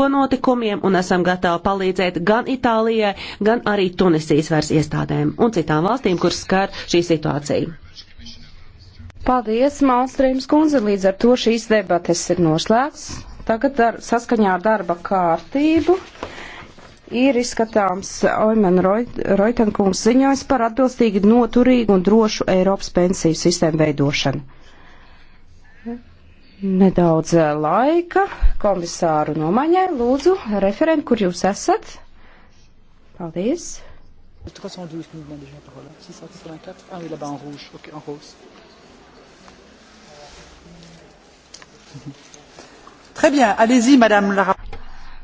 turpmāko notikumiem un esam gatavi palīdzēt gan Itālijai, gan arī Tunisijas vairs iestādēm un citām valstīm, kuras skar šī situācija. Paldies, Malstrīms kundze, līdz ar to šīs debates ir noslēgts. Tagad dar, saskaņā ar darba kārtību ir izskatāms Oimena Roitenkungs ziņojums par atbilstīgi noturīgu un drošu Eiropas pensiju sistēmu veidošanu nedaudz eh, laika komisāru nomaņai. Lūdzu, referent, kur jūs esat? Paldies. 312, nous demandons déjà la parole. 684, ah oui, là-bas en rouge, ok, en rose. Très bien, allez-y, madame la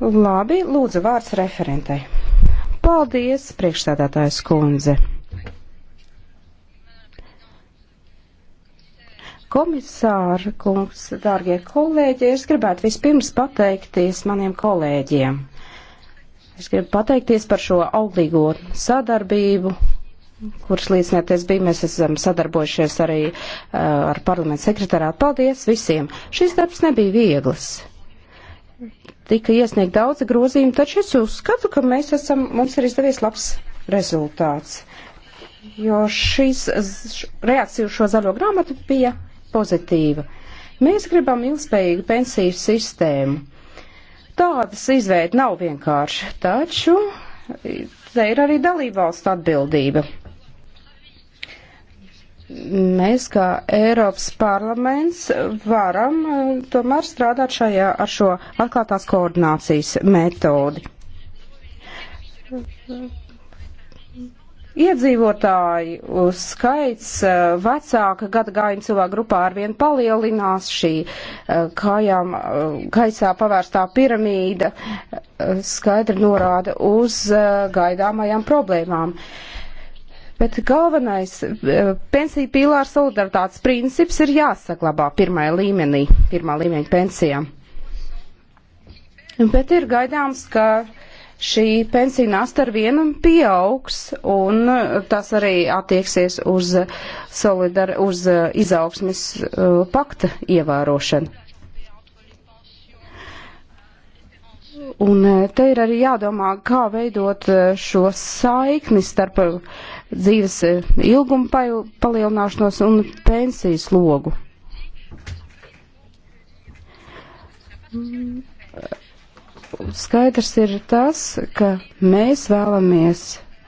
Labi, lūdzu, vārds referentei. Paldies, priekšstādātājs kundze. komisāra kungs, dārgie kolēģi, es gribētu vispirms pateikties maniem kolēģiem. Es gribu pateikties par šo auglīgo sadarbību, kuras līdznieties bija. Mēs esam sadarbojušies arī uh, ar parlamentu sekretārātu. Paldies visiem! Šis darbs nebija viegls. Tika iesniegt daudzi grozījumi, taču es uzskatu, ka mēs esam, mums ir izdevies labs rezultāts jo šīs reakcija uz šo zaļo grāmatu bija pozitīva. Mēs gribam ilgspējīgu pensiju sistēmu. Tādas izveida nav vienkārši, taču te ir arī dalībvalstu atbildība. Mēs kā Eiropas parlaments varam eh, tomēr strādāt šajā ar šo atklātās koordinācijas metodi Iedzīvotāju skaits eh, vecāka gadagājuma cilvēku grupā arvien palielinās šī eh, kājām eh, gaisā pavērstā piramīda skaidri norāda uz gaidāmajām problēmām. Bet galvenais pensiju pīlārs solidaritātes princips ir jāsaglabā pirmajā līmenī, pirmā līmeņa pensijām. Bet ir gaidāms, ka uh, šī pensija nasta ar vienam pieaugs, un tas arī attieksies uz, solidar, uz uh, izaugsmes uh, pakta ievērošanu. Un uh, te ir arī jādomā, kā veidot uh, šo saikni starp dzīves ilgumu palielināšanos un pensijas logu. Mm Skaidrs ir tas, ka mēs vēlamies uh,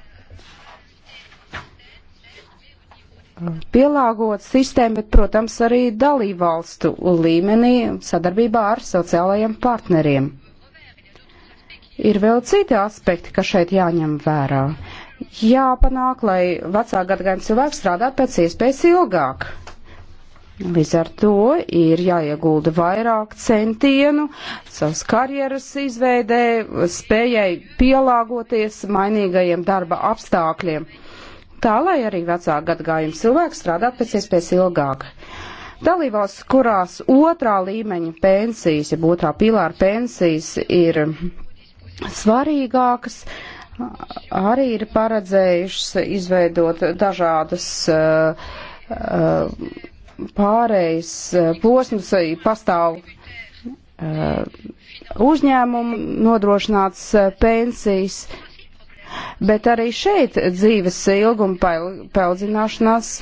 pielāgot sistēmu, bet, protams, arī dalībvalstu līmenī sadarbībā ar sociālajiem partneriem. Ir vēl citi aspekti, kas šeit jāņem vērā. Jāpanāk, lai vecā gadagājuma cilvēks strādā pēc iespējas ilgāk. Līdz ar to ir jāiegulda vairāk centienu savas karjeras izveidē, spējai pielāgoties mainīgajiem darba apstākļiem. Tā lai arī vecāka gadagājuma cilvēks strādātu pēc iespējas ilgāk. Dalībās, kurās otrā līmeņa pensijas, ja otrā pilāra pensijas ir svarīgākas, arī ir paredzējušas izveidot dažādas uh, uh, pārējais eh, posms eh, pastāv eh, uzņēmumu nodrošināts pensijas, bet arī šeit dzīves ilguma paildzināšanās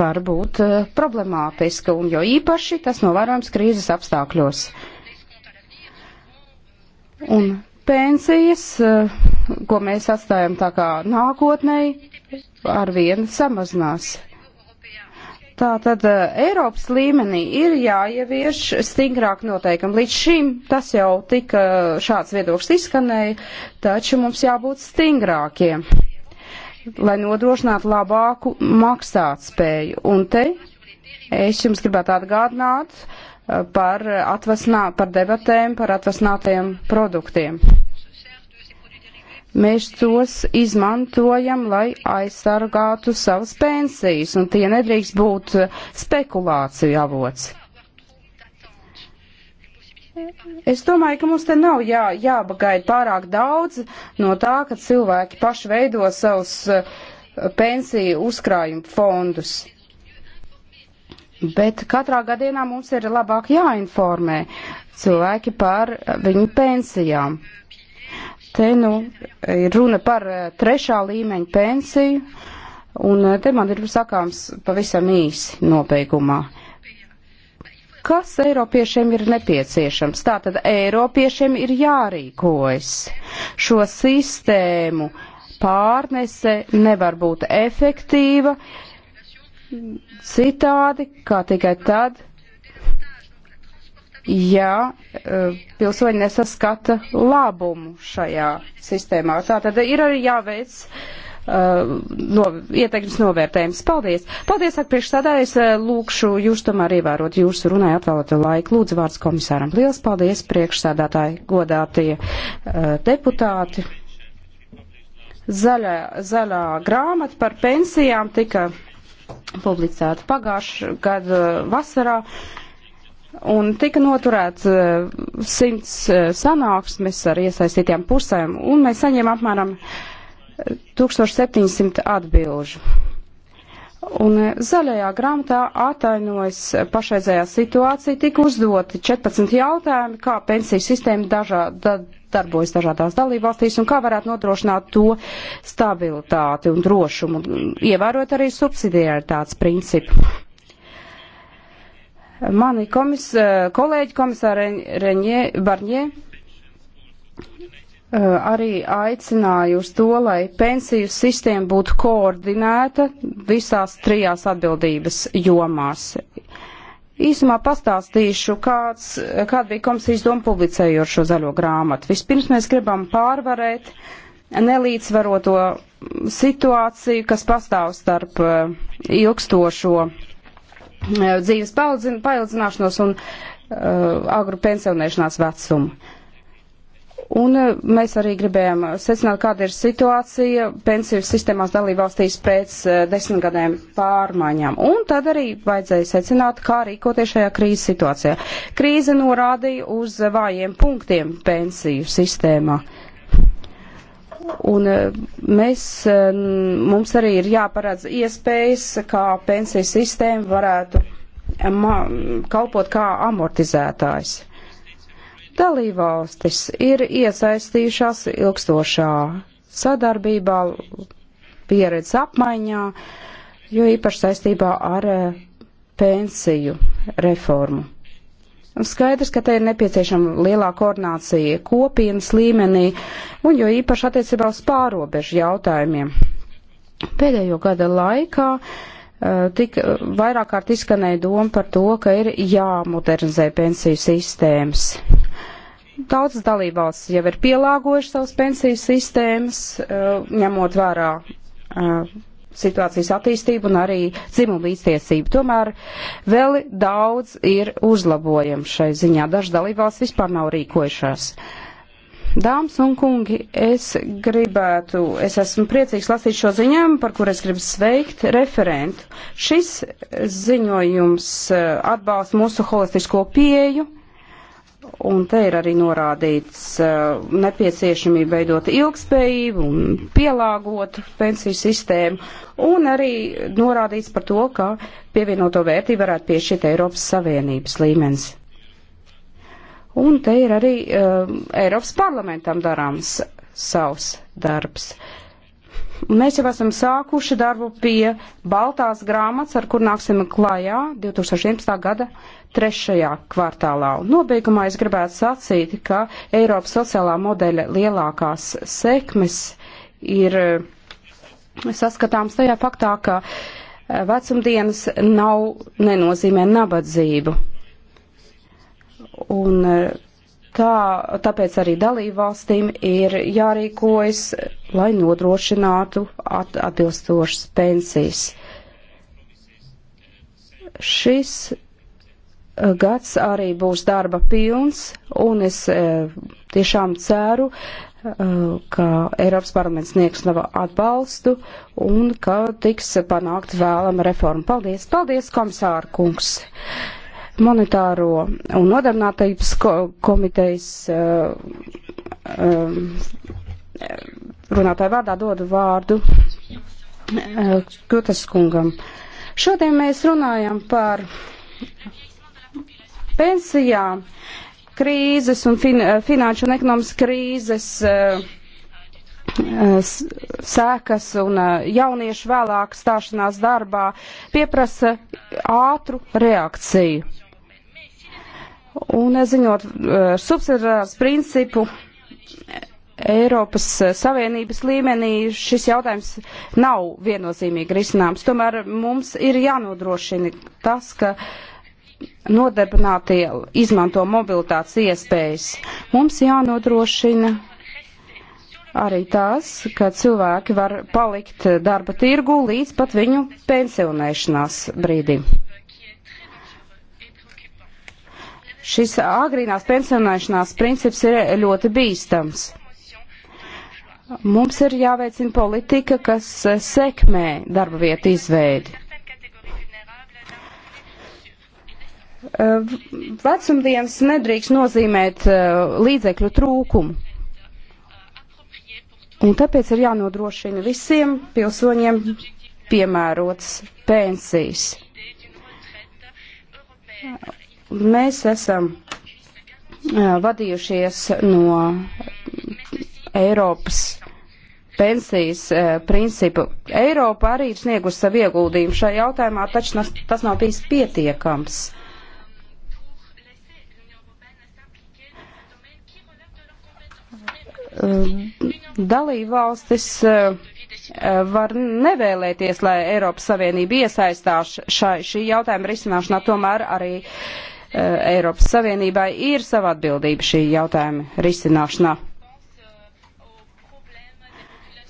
var būt problemātiska, un jo īpaši tas novērojams krīzes apstākļos. Un pensijas, ko mēs atstājam tā kā nākotnēji, arvien samazinās. Tātad eh, Eiropas līmenī ir jāievieš stingrāk noteikumi. Līdz šim tas jau tika šāds viedoklis izskanēja, taču mums jābūt stingrākiem, lai nodrošinātu labāku maksātspēju. Un te es jums gribētu atgādināt eh, par, atvasinā, par debatēm par atvasinātajiem produktiem. Mēs tos izmantojam, lai aizsargātu savas pensijas, un tie nedrīkst būt eh, spekulāciju avots. Es domāju, ka mums te nav jā, jābagaida pārāk daudz no tā, ka cilvēki paši veido savus eh, pensiju uzkrājumu fondus. Bet katrā gadienā mums ir labāk jāinformē cilvēki par eh, viņu pensijām. Te nu ir runa par eh, trešā līmeņa pensiju, un eh, te man ir sakāms pavisam īsi nobeigumā. Kas Eiropiešiem ir nepieciešams? Tātad Eiropiešiem ir jārīkojas. Šo sistēmu pārnese nevar būt efektīva citādi, kā tikai tad, ja uh, pilsoņi nesaskata labumu šajā sistēmā. Tā tad ir arī jāveic uh, no, ieteikums novērtējums. Paldies! Paldies, ak, priekšstādājas, e, lūkšu jūs tomēr ievērot jūsu runai atvēlēto laiku. Lūdzu, vārds komisāram. Liels paldies, priekšstādātāji, godātie uh, deputāti. Zaļā, zaļā grāmata par pensijām tika publicēta pagājušā gada vasarā. Uh, Un tika noturēts uh, simts uh, sanāksmes ar iesaistītām pusēm, un mēs saņēmām apmēram 1700 e, atbilžu. Un uh, zaļajā grāmatā atainojas pašreizējā situācija, tika uzdoti 14 jautājumi, kā pensiju sistēma dažā, da, darbojas dažādās dalībvalstīs un kā varētu nodrošināt to stabilitāti un drošumu, un ievērot arī subsidiaritātes principu. Mani komis, eh, kolēģi komisāri Reņē, Barņē eh, arī aicināja uz to, lai pensiju sistēma būtu koordinēta visās trijās atbildības jomās. Īsumā pastāstīšu, kāds, kāda bija komisijas doma publicējot šo zaļo grāmatu. Vispirms mēs gribam pārvarēt nelīdzvaroto situāciju, kas pastāv starp eh, ilgstošo Eh, dzīves paildzināšanos un uh, eh, agru pensionēšanās vecumu. Un uh, mēs arī gribējām secināt, kāda ir situācija pensiju sistēmās dalībvalstīs pēc uh, desmitgadēm pārmaiņām. Un tad arī vajadzēja secināt, kā rīkoties šajā krīzes situācijā. Krīze norādīja uz vājiem punktiem pensiju sistēmā. Uh, Un e, mēs, e, mums arī ir jāparādz iespējas, kā pensijas sistēma varētu e, kalpot kā amortizētājs. Dalībvalstis ir iesaistījušās ilgstošā sadarbībā, pieredzes apmaiņā, jo īpaši saistībā ar pensiju reformu. Skaidrs, ka te ir nepieciešama lielā koordinācija kopienas līmenī, un jo īpaši attiecībā uz pārobežu jautājumiem. Pēdējo gada laikā eh, tik vairāk kārt izskanēja doma par to, ka ir jāmodernizē pensiju sistēmas. Daudzas dalībvalstis jau ir pielāgojušas savas pensiju sistēmas, eh, ņemot vērā eh, situācijas attīstību un arī dzimumu līdztiesību. Tomēr vēl daudz ir uzlabojams šai ziņā. Dažas dalībvalsts vispār nav rīkojušās. Dāmas un kungi, es gribētu, es esmu priecīgs lasīt šo ziņojumu, par kur es gribu sveikt referentu. Šis ziņojums eh, atbalsta mūsu holistisko pieju Un te ir arī norādīts uh, nepieciešamība veidot ilgspējību un pielāgot pensiju sistēmu, un arī norādīts par to, ka pievienoto vērtību varētu piešķirt Eiropas Savienības līmenis. Un te ir arī uh, Eiropas parlamentam darāms savs darbs. Uh, Un mēs jau esam sākuši darbu pie Baltās grāmatas, ar kur nāksim klajā 2011. gada trešajā kvartālā. Un nobeigumā es gribētu sacīt, ka Eiropas sociālā modeļa lielākās sekmes ir eh, saskatāms tajā faktā, ka eh, vecumdienas nav nenozīmē nabadzību. Un eh, Tā, tāpēc arī dalībvalstīm ir jārīkojas, lai nodrošinātu at, atbilstošas pensijas. Šis eh, gads arī būs darba pilns, un es e, tiešām ceru, eh, ka Eiropas parlaments sniegs savu atbalstu un ka tiks panākt vēlama reforma. Paldies, paldies, komisāra kungs! monetāro un nodarbinātības komitejas uh, um, runātāju vārdā dodu vārdu uh, Kutas kungam. Šodien mēs runājam par pensijām, krīzes un fin uh, finanšu un ekonomiskas krīzes sēkas un jauniešu vēlāk stāšanās darbā pieprasa ātru reakciju Un ziņot eh, subsidiārās principu eh, Eiropas eh, Savienības līmenī šis jautājums nav viennozīmīgi risināms. Tomēr mums ir jānodrošina tas, ka nodarbinātie izmanto mobilitātes iespējas. Mums jānodrošina arī tās, ka cilvēki var palikt darba tirgu līdz pat viņu pensionēšanās brīdim. Šis agrīnās pensionēšanās princips ir ļoti bīstams. Mums ir jāveicina politika, kas sekmē darba vietu izveidi. Vecumdienas nedrīkst nozīmēt uh, līdzekļu trūkumu. Un tāpēc ir jānodrošina visiem pilsoņiem piemērots pensijas. Mēs esam vadījušies no Eiropas pensijas eh, principu. Eiropa arī ir sniegusi savu ieguldījumu šajā jautājumā, taču nas, tas nav bijis pietiekams. Dalībvalstis eh, var nevēlēties, lai Eiropas Savienība iesaistās šai, šī jautājuma risināšanā, tomēr arī uh, Eh, Eiropas Savienībai ir sava atbildība šī jautājuma risināšanā.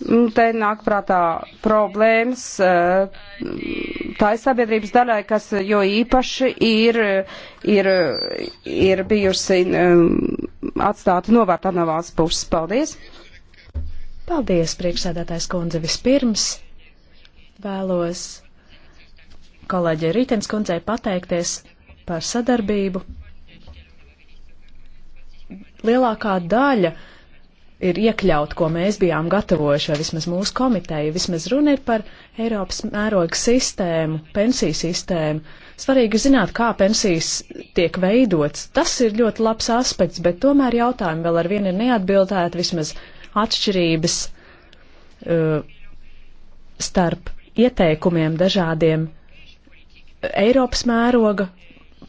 Mm, te nāk prātā problēmas eh, tā ir sabiedrības daļai, kas jo īpaši ir, ir, ir bijusi eh, atstāta novārtā no valsts puses. Paldies! Paldies, priekšsēdētājs kundze, vispirms vēlos kolēģi Rītens kundzei pateikties par sadarbību. Lielākā daļa ir iekļaut, ko mēs bijām gatavojuši, vai vismaz mūsu komiteja. Vismaz runa ir par Eiropas mēroga sistēmu, pensiju sistēmu. Svarīgi zināt, kā pensijas tiek veidots. Tas ir ļoti labs aspekts, bet tomēr jautājumi vēl ar vienu ir neatbildēti, vismaz atšķirības uh, starp ieteikumiem dažādiem Eiropas mēroga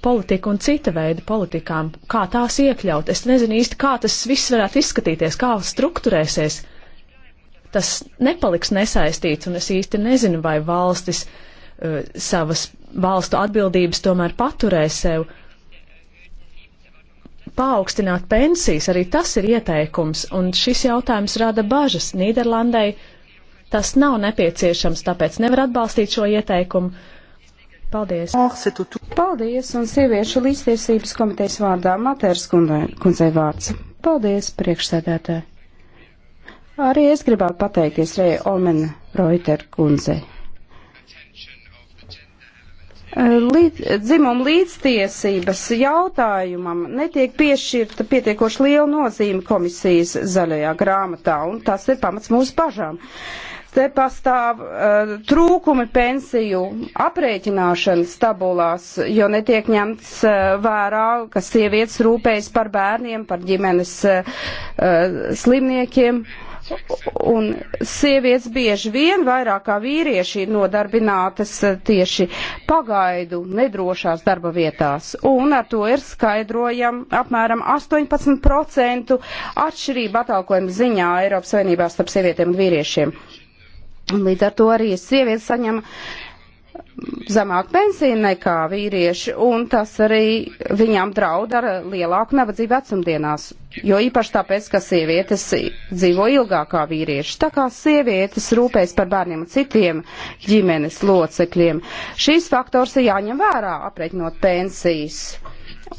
politika un cita veida politikām, kā tās iekļaut. Es nezinu īsti, kā tas viss varētu izskatīties, kā struktūrēsies. Tas nepaliks nesaistīts, un es īsti nezinu, vai valstis uh, savas valstu atbildības tomēr paturēs sev. Paaugstināt pensijas, arī tas ir ieteikums, un šis jautājums rada bažas Nīderlandai. Tas nav nepieciešams, tāpēc nevar atbalstīt šo ieteikumu Paldies! Oh, Paldies! Un sieviešu līdztiesības komitejas vārdā Matērs kundzei vārds. Paldies, priekšsēdētāji! Arī es gribētu pateikties Rei Omen Reuter kundzei. Līd, dzimuma līdztiesības jautājumam netiek piešķirta pietiekoši liela nozīme komisijas zaļajā grāmatā, un tas ir pamats mūsu bažām. Te pastāv uh, trūkumi pensiju aprēķināšanas tabulās, jo netiek ņemts uh, vērā, ka sievietes rūpējas par bērniem, par ģimenes uh, slimniekiem. Uh, Un sievietes bieži vien vairāk kā vīrieši ir nodarbinātas eh, tieši pagaidu nedrošās darba vietās. Un ar to ir skaidrojam apmēram 18% atšķirība atalkojuma ziņā Eiropas Savienībā starp sievietēm un vīriešiem. Un līdz ar to arī sievietes saņem uh, zemāk pensiju nekā vīrieši, un tas arī viņām draud ar lielāku nabadzību vecumdienās, jo īpaši tāpēc, ka sievietes dzīvo ilgāk kā vīrieši. Tā kā sievietes rūpēs par bērniem un citiem ģimenes locekļiem, šīs faktors ir jāņem vērā, apreķinot pensijas.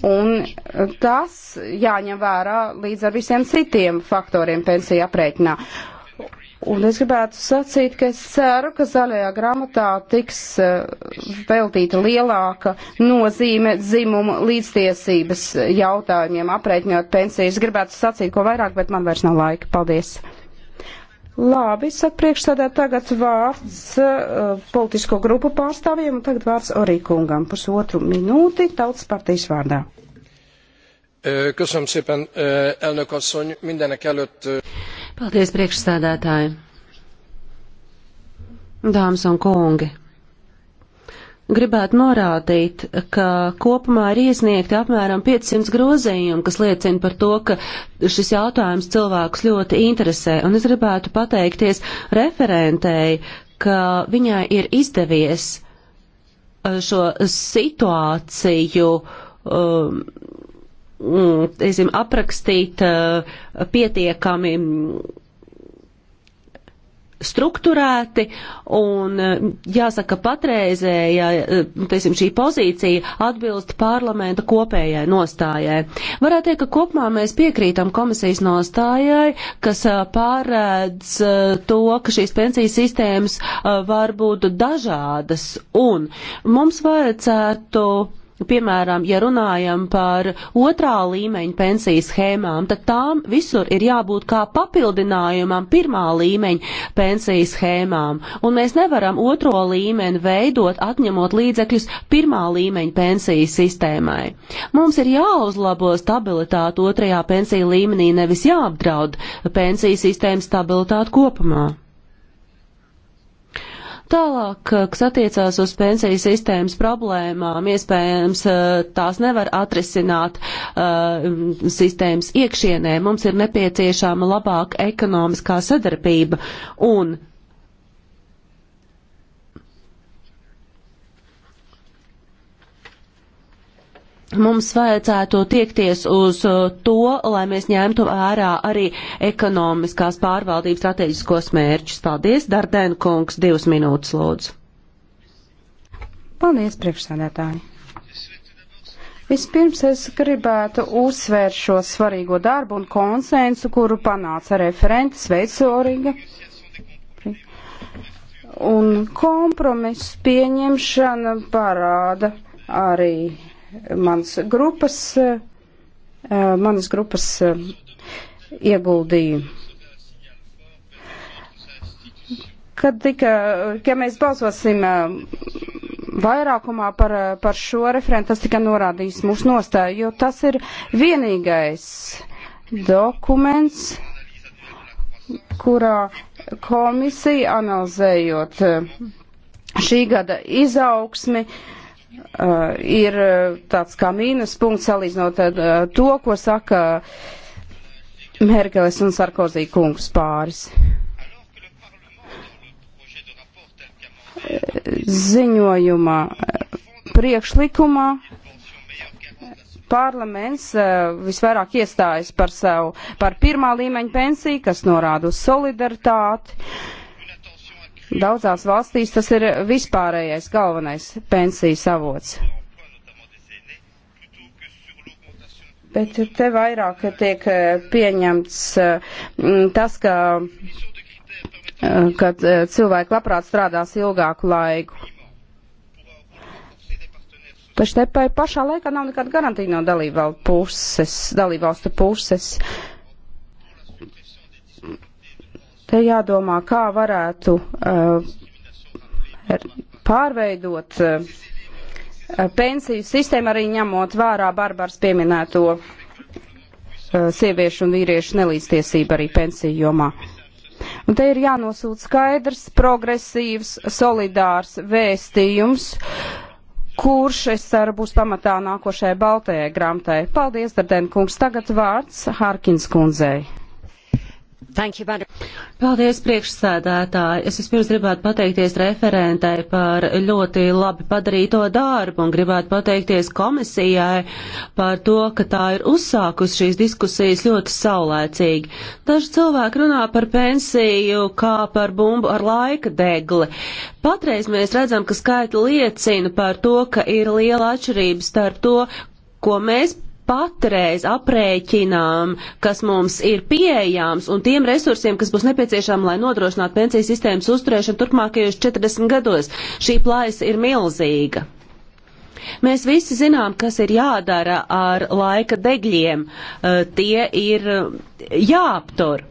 Un tas jāņem vērā līdz ar visiem citiem faktoriem pensiju aprēķinā. Un es gribētu sacīt, ka es ceru, ka zaļajā grāmatā tiks eh, veltīta lielāka nozīme dzimumu līdztiesības jautājumiem, aprēķinot pensijas. Gribētu sacīt, ko vairāk, bet man vairs nav laika. Paldies! Labi, saka priekšstādā tagad vārds uh, politisko grupu pārstāvjiem, un tagad vārds Orīkungam pusotru minūti tautas partijas vārdā. Köszönöm szépen, elnök asszony. Mindenek előtt... Paldies, priekšsēdētāji. Dāmas un kungi. Gribētu norādīt, ka kopumā ir iesniegti apmēram 500 grozījumi, kas liecina par to, ka šis jautājums cilvēkus ļoti interesē. Un es gribētu pateikties referentēji, ka viņai ir izdevies šo situāciju um, Mm, teiksim, aprakstīt eh, pietiekami strukturēti, un eh, jāsaka, patreizēja eh, teisim, šī pozīcija atbilst parlamenta kopējai nostājai. Varētu teikt, ka kopumā mēs piekrītam komisijas nostājai, kas pārēdz to, ka šīs pensijas sistēmas var būt dažādas, un mums vajadzētu Nu, piemēram, ja runājam par otrā līmeņa pensijas schēmām, tad tām visur ir jābūt kā papildinājumam pirmā līmeņa pensijas schēmām. Un mēs nevaram otro līmeni veidot, atņemot līdzekļus pirmā līmeņa pensijas sistēmai. Mums ir jāuzlabo stabilitāte otrajā pensiju līmenī, nevis jāapdraud pensiju sistēmas stabilitāte kopumā. Tālāk, eh, kas attiecās uz pensiju sistēmas problēmām, iespējams, eh, tās nevar atrisināt uh, sistēmas iekšienē. Mums ir nepieciešama labāka ekonomiskā sadarbība un mums vajadzētu tiekties uz uh, to, lai mēs ņemtu vērā arī ekonomiskās pārvaldības strateģiskos mērķus. Paldies, Dardēna kungs, divas minūtes lūdzu. Paldies, priekšsēdētāji. Vispirms es gribētu uzsvērt šo svarīgo darbu un konsensu, kuru panāca referents Veicoriga. Un kompromisu pieņemšana parāda arī Eh, manas grupas, manas grupas eh, ieguldījumu. Kad tika, ja mēs balsosim eh, vairākumā par, par šo referentu, tas tikai norādīs mūsu nostāju, jo tas ir vienīgais dokuments, kurā komisija analizējot šī gada izaugsmi, uh, uh, ir eh, tāds kā mīnus punkts salīdzinot uh, to, ko saka Merkeles un Sarkozī kungs pāris. Ziņojumā, priekšlikumā parlaments uh, visvairāk iestājas par savu, par pirmā līmeņa pensiju, kas norāda uz solidaritāti, Daudzās valstīs tas ir vispārējais galvenais pensijas avots. Bet te vairāk tiek eh, pieņemts eh, tas, ka, eh, ka cilvēki labprāt strādās ilgāku laiku. Taču te pašā laikā nav nekāda garantija no dalībvalstu puses. Dalībvalstu puses. Uh, Te jādomā, kā varētu uh, pārveidot uh, pensiju sistēmu, arī ņemot vērā Barbaras pieminēto uh, sieviešu un vīriešu nelīdztiesību arī pensiju jomā. Un te ir jānosūta skaidrs, progresīvs, solidārs vēstījums, kurš, es ceru, būs pamatā nākošajai baltajai grāmatai. Paldies, Dardēn kungs. Tagad vārds Harkins kundzei. Paldies, priekšsēdētāji. Es vispirms gribētu pateikties referentai par ļoti labi padarīto darbu un gribētu pateikties komisijai par to, ka tā ir uzsākusi šīs diskusijas ļoti saulēcīgi. Daži cilvēki runā par pensiju kā par bumbu ar laika degli. Patreiz mēs redzam, ka skaita liecina par to, ka ir liela atšķirība starp to, ko mēs patreiz aprēķinām, kas mums ir pieejams un tiem resursiem, kas būs nepieciešami, lai nodrošinātu pensiju sistēmas uzturēšanu turpmākajos 40 gados. Šī plājas ir milzīga. Mēs visi zinām, kas ir jādara ar laika degļiem. Uh, tie ir uh, jāaptur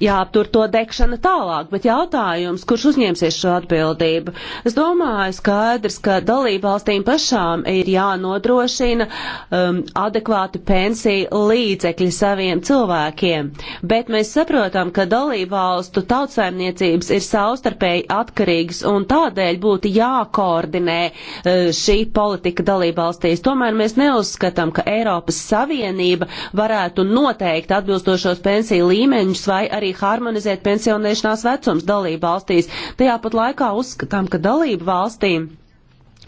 jāaptur to degšana tālāk, bet jautājums, kurš uzņemsies šo atbildību? Es domāju, skaidrs, ka dalībvalstīm pašām ir jānodrošina um, adekvāti pensiju līdzekļi saviem cilvēkiem, bet mēs saprotam, ka dalībvalstu tautsaimniecības ir savstarpēji atkarīgas un tādēļ būtu jākoordinē uh, šī politika dalībvalstīs. Tomēr mēs neuzskatām, ka Eiropas Savienība varētu noteikt atbilstošos pensiju līmeņus vai arī arī harmonizēt pensionēšanās vecums dalību valstīs. Tajā pat laikā uzskatām, ka dalību valstīm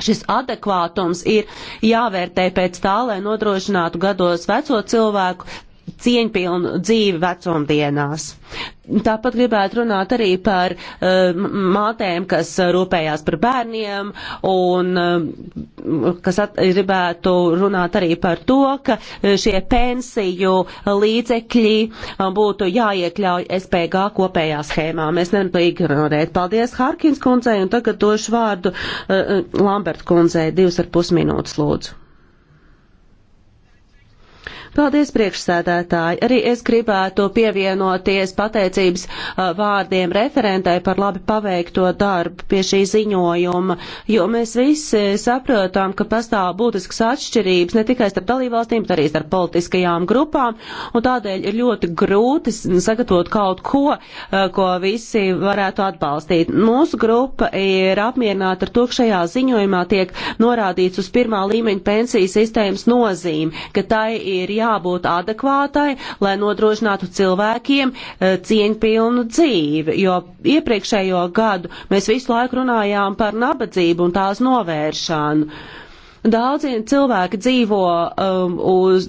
Šis adekvātums ir jāvērtē pēc tā, lai nodrošinātu gados veco cilvēku cieņpilnu dzīvi vecumdienās. Tāpat gribētu runāt arī par uh, mātēm, kas rūpējās par bērniem un uh, kas at, gribētu runāt arī par to, ka eh, šie pensiju līdzekļi uh, būtu jāiekļauj SPG kopējā schēmā. Mēs nevaram to ignorēt. Paldies Harkins kundzei un tagad došu vārdu uh, Lambert kundzei divas ar pus minūtes lūdzu. Paldies, priekšsēdētāji. Arī es gribētu pievienoties pateicības uh, vārdiem referentai par labi paveikto darbu pie šī ziņojuma, jo mēs visi saprotam, ka pastāv būtisks atšķirības ne tikai starp dalībvalstīm, bet arī starp politiskajām grupām, un tādēļ ir ļoti grūti sagatavot kaut ko, uh, ko visi varētu atbalstīt. Mūsu grupa ir apmierināta ar to, ka šajā ziņojumā tiek norādīts uz pirmā līmeņa pensijas sistēmas nozīmi, ka tai ir jā jābūt adekvātai, lai nodrošinātu cilvēkiem e, cieņpilnu dzīvi, jo iepriekšējo gadu mēs visu laiku runājām par nabadzību un tās novēršanu. Daudzie cilvēki dzīvo um, uz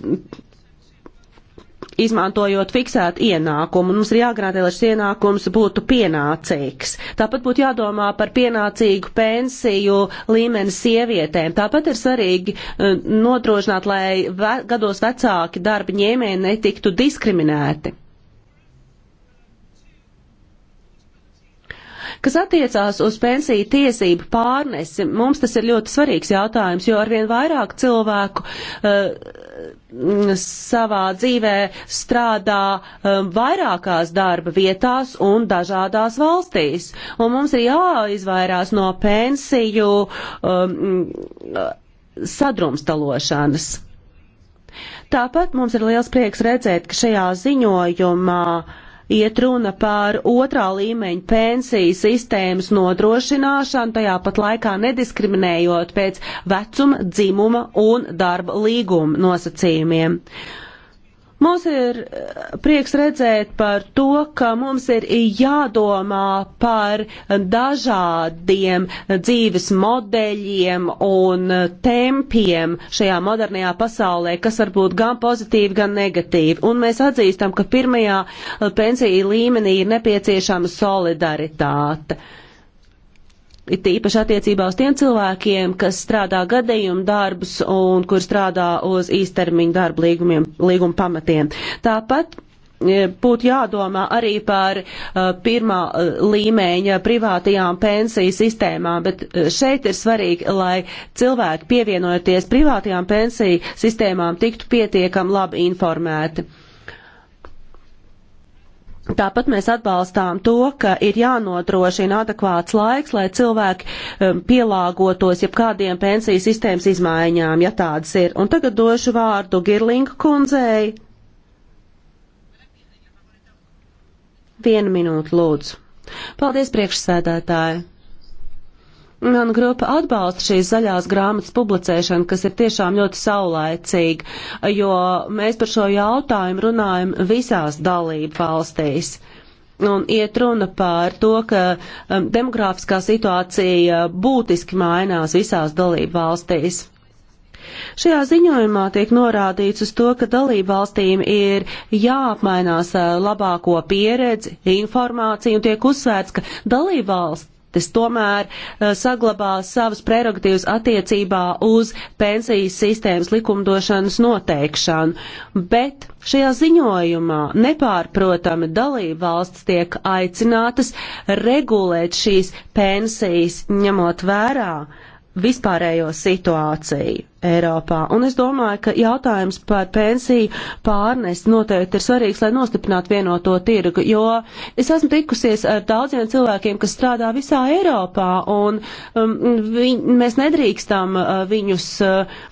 izmantojot fiksētu ienākumu. Mums ir jāgarantē, lai šis ienākums būtu pienācīgs. Tāpat būtu jādomā par pienācīgu pensiju līmeni sievietēm. Tāpat ir svarīgi eh, nodrošināt, lai ve gados vecāki darba ņēmēji netiktu diskriminēti. Kas attiecās uz pensiju tiesību pārnesi, mums tas ir ļoti svarīgs jautājums, jo arvien vairāk cilvēku uh, savā dzīvē strādā uh, vairākās darba vietās un dažādās valstīs. Un mums ir jāizvairās no pensiju um, sadrumstalošanas. Tāpat mums ir liels prieks redzēt, ka šajā ziņojumā uh, iet runa par otrā līmeņa pensiju sistēmas nodrošināšanu, tajā pat laikā nediskriminējot pēc vecuma, dzimuma un darba līguma nosacījumiem. Uh, Mums ir eh, prieks redzēt par to, ka mums ir jādomā par dažādiem dzīves modeļiem un tempiem šajā modernajā pasaulē, kas var būt gan pozitīvi, gan negatīvi. Un mēs atzīstam, ka pirmajā pensiju līmenī ir nepieciešama solidaritāte. Uh, It īpaši attiecībā uz tiem cilvēkiem, kas strādā gadījumu darbus un kur strādā uz īstermiņu darba līgumiem, līguma pamatiem. Tāpat e, būtu jādomā arī par uh, pirmā e, līmeņa privātajām pensiju sistēmām, bet šeit ir svarīgi, lai cilvēki pievienojoties privātajām pensiju sistēmām tiktu pietiekam labi informēti. Tāpat mēs atbalstām to, ka ir jānodrošina adekvāts laiks, lai cilvēki um, pielāgotos jebkādiem pensiju sistēmas izmaiņām, ja tādas ir. Un tagad došu vārdu Girlinga kundzei. Vienu minūtu lūdzu. Paldies priekšsēdētāji. Mana grupa atbalsta šīs zaļās grāmatas publicēšanu, kas ir tiešām ļoti saulaicīga, jo mēs par šo jautājumu runājam visās dalību valstīs. Un iet runa par to, ka um, demografiskā situācija būtiski mainās visās dalību valstīs. Šajā ziņojumā tiek norādīts uz to, ka dalību valstīm ir jāapmainās uh, labāko pieredzi, informāciju un tiek uzsvērts, ka dalību valsts valstis tomēr eh, saglabā savas prerogatīvas attiecībā uz pensijas sistēmas likumdošanas noteikšanu. Bet šajā ziņojumā nepārprotami dalība valsts tiek aicinātas regulēt šīs pensijas, ņemot vērā vispārējo situāciju. Eiropā. Un es domāju, ka jautājums par pensiju pārnest noteikti ir svarīgs, lai nostiprinātu vienoto tirgu, jo es esmu tikusies ar daudziem cilvēkiem, kas strādā visā Eiropā, un um, viņ, mēs nedrīkstam uh, viņus. Uh,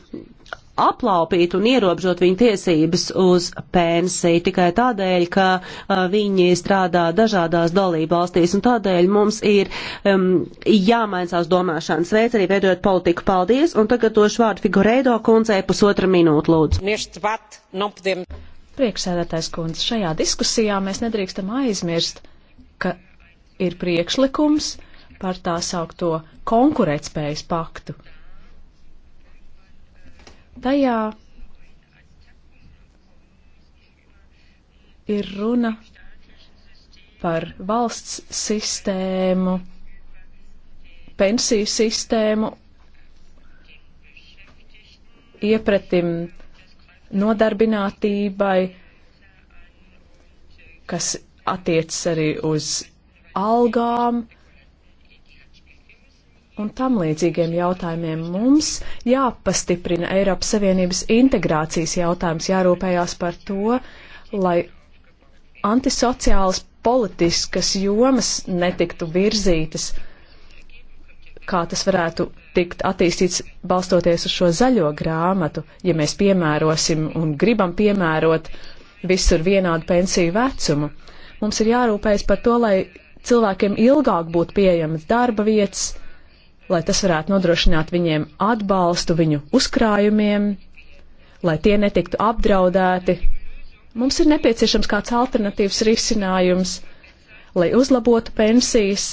aplaupīt un ierobežot viņu tiesības uz pensiju tikai tādēļ, ka uh, viņi strādā dažādās dalībvalstīs un tādēļ mums ir um, jāmaina savas domāšanas veids arī veidojot politiku. Paldies! Un tagad došu vārdu Figureido kundzei pusotra minūte lūdzu. Nu, Priekšsēdētājs kundze, šajā diskusijā mēs nedrīkstam aizmirst, ka ir priekšlikums par tā saukto konkurētspējas paktu Tajā ir runa par valsts sistēmu, pensiju sistēmu, iepratim nodarbinātībai, kas attiecas arī uz algām, uh, un tam līdzīgiem jautājumiem mums jāpastiprina Eiropas Savienības integrācijas jautājums, jārūpējās par to, lai antisociālas politiskas jomas netiktu virzītas, kā tas varētu tikt attīstīts balstoties uz šo zaļo grāmatu, ja mēs piemērosim un gribam piemērot visur vienādu pensiju vecumu. Mums ir jārūpējas par to, lai cilvēkiem ilgāk būtu pieejamas darba vietas, lai tas varētu nodrošināt viņiem atbalstu viņu uzkrājumiem, lai tie netiktu apdraudēti. Mums ir nepieciešams kāds alternatīvs risinājums, lai uzlabotu pensijas,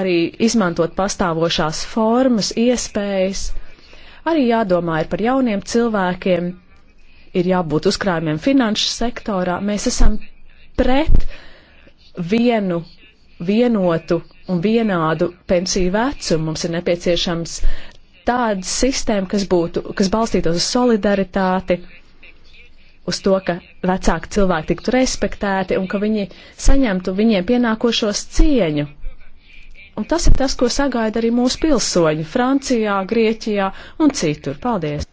arī izmantot pastāvošās formas, iespējas. Arī jādomā ir par jauniem cilvēkiem, ir jābūt uzkrājumiem finanšu sektorā. Mēs esam pret vienu vienotu un vienādu pensiju vecumu. Mums ir nepieciešams tāda sistēma, kas, būtu, kas balstītos uz solidaritāti, uz to, ka vecāki cilvēki tiktu respektēti un ka viņi saņemtu viņiem pienākošos cieņu. Un tas ir tas, ko sagaida arī mūsu pilsoņi Francijā, Grieķijā un citur. Paldies!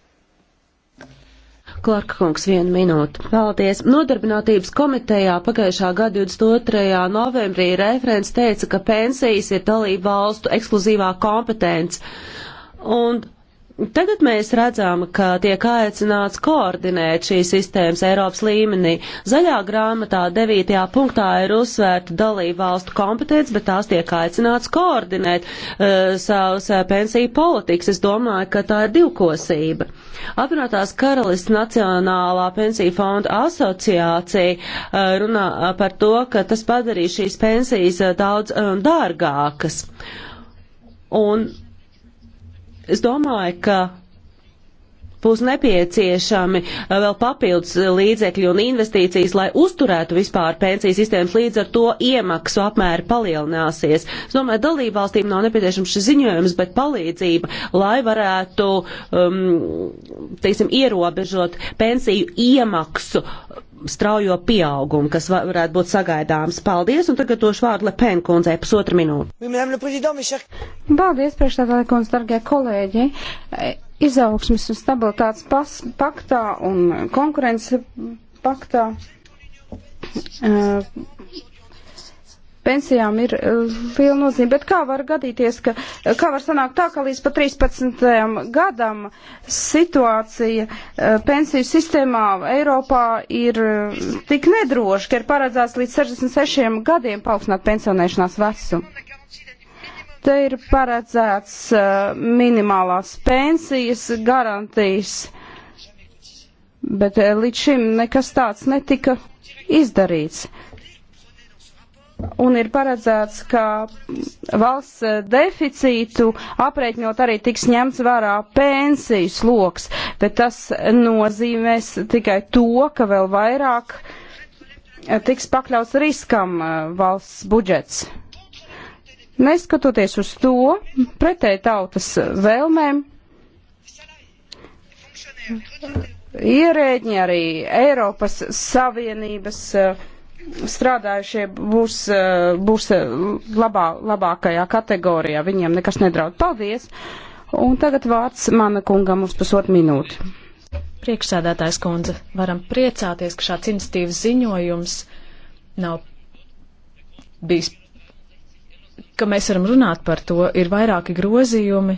Klarka kungs, vienu minūtu. Paldies. Nodarbinātības komitejā pagājušā gada 22. novembrī referents teica, ka pensijas ir dalība valstu ekskluzīvā kompetence. Un Tagad mēs redzam, ka tiek aicināts koordinēt šīs sistēmas Eiropas līmenī. Zaļā grāmatā 9. punktā ir uzsvērta dalību valstu kompetence, bet tās tiek aicināts koordinēt uh, savus uh, pensiju politikas. Es domāju, ka tā ir divkosība. Apvienotās karalists Nacionālā pensiju fonda asociācija uh, runā uh, par to, ka tas padarīs šīs pensijas uh, daudz um, dārgākas. Un Es domāju, ka būs nepieciešami uh, vēl papildus līdzekļi un investīcijas, lai uzturētu vispār pensiju sistēmas, līdz ar to iemaksu apmēri palielināsies. Es domāju, dalībvalstīm nav nepieciešams šis ziņojums, bet palīdzība, lai varētu, um, teiksim, ierobežot pensiju iemaksu straujo pieaugumu, kas varētu būt sagaidāms. Paldies, un tagad došu vārdu Lepen kundzei pusotru minūtu. Paldies, priekšstādātāji kundze, dargie kolēģi. Izaugsmes un stabilitātes pas, paktā un konkurences paktā. Uh, pensijām ir eh, liela nozīme, bet kā var gadīties, ka, eh, kā var sanākt tā, ka līdz pat 13. gadam situācija eh, pensiju sistēmā Eiropā ir tik nedroša, ka ir paredzēts līdz 66 gadiem paaugstināt pensionēšanās vecumu. Te ir paredzēts minimālās pensijas garantijas, bet līdz šim nekas tāds netika izdarīts un ir paredzēts, ka valsts deficītu aprēķinot arī tiks ņemts vērā pensiju sloks, bet tas nozīmēs tikai to, ka vēl vairāk eh, tiks pakļauts riskam eh, valsts budžets. Neskatoties uz to, pretēji tautas vēlmēm, ierēģi arī Eiropas Savienības uh, strādājušie būs, eh, būs eh, labā, labākajā kategorijā, viņiem nekas nedraud. Paldies! Un tagad vārds mana kungam uz pusotru minūti. Priekšsēdētājs kundze, varam priecāties, ka šāds institīvas ziņojums nav bijis, ka mēs varam runāt par to, ir vairāki grozījumi.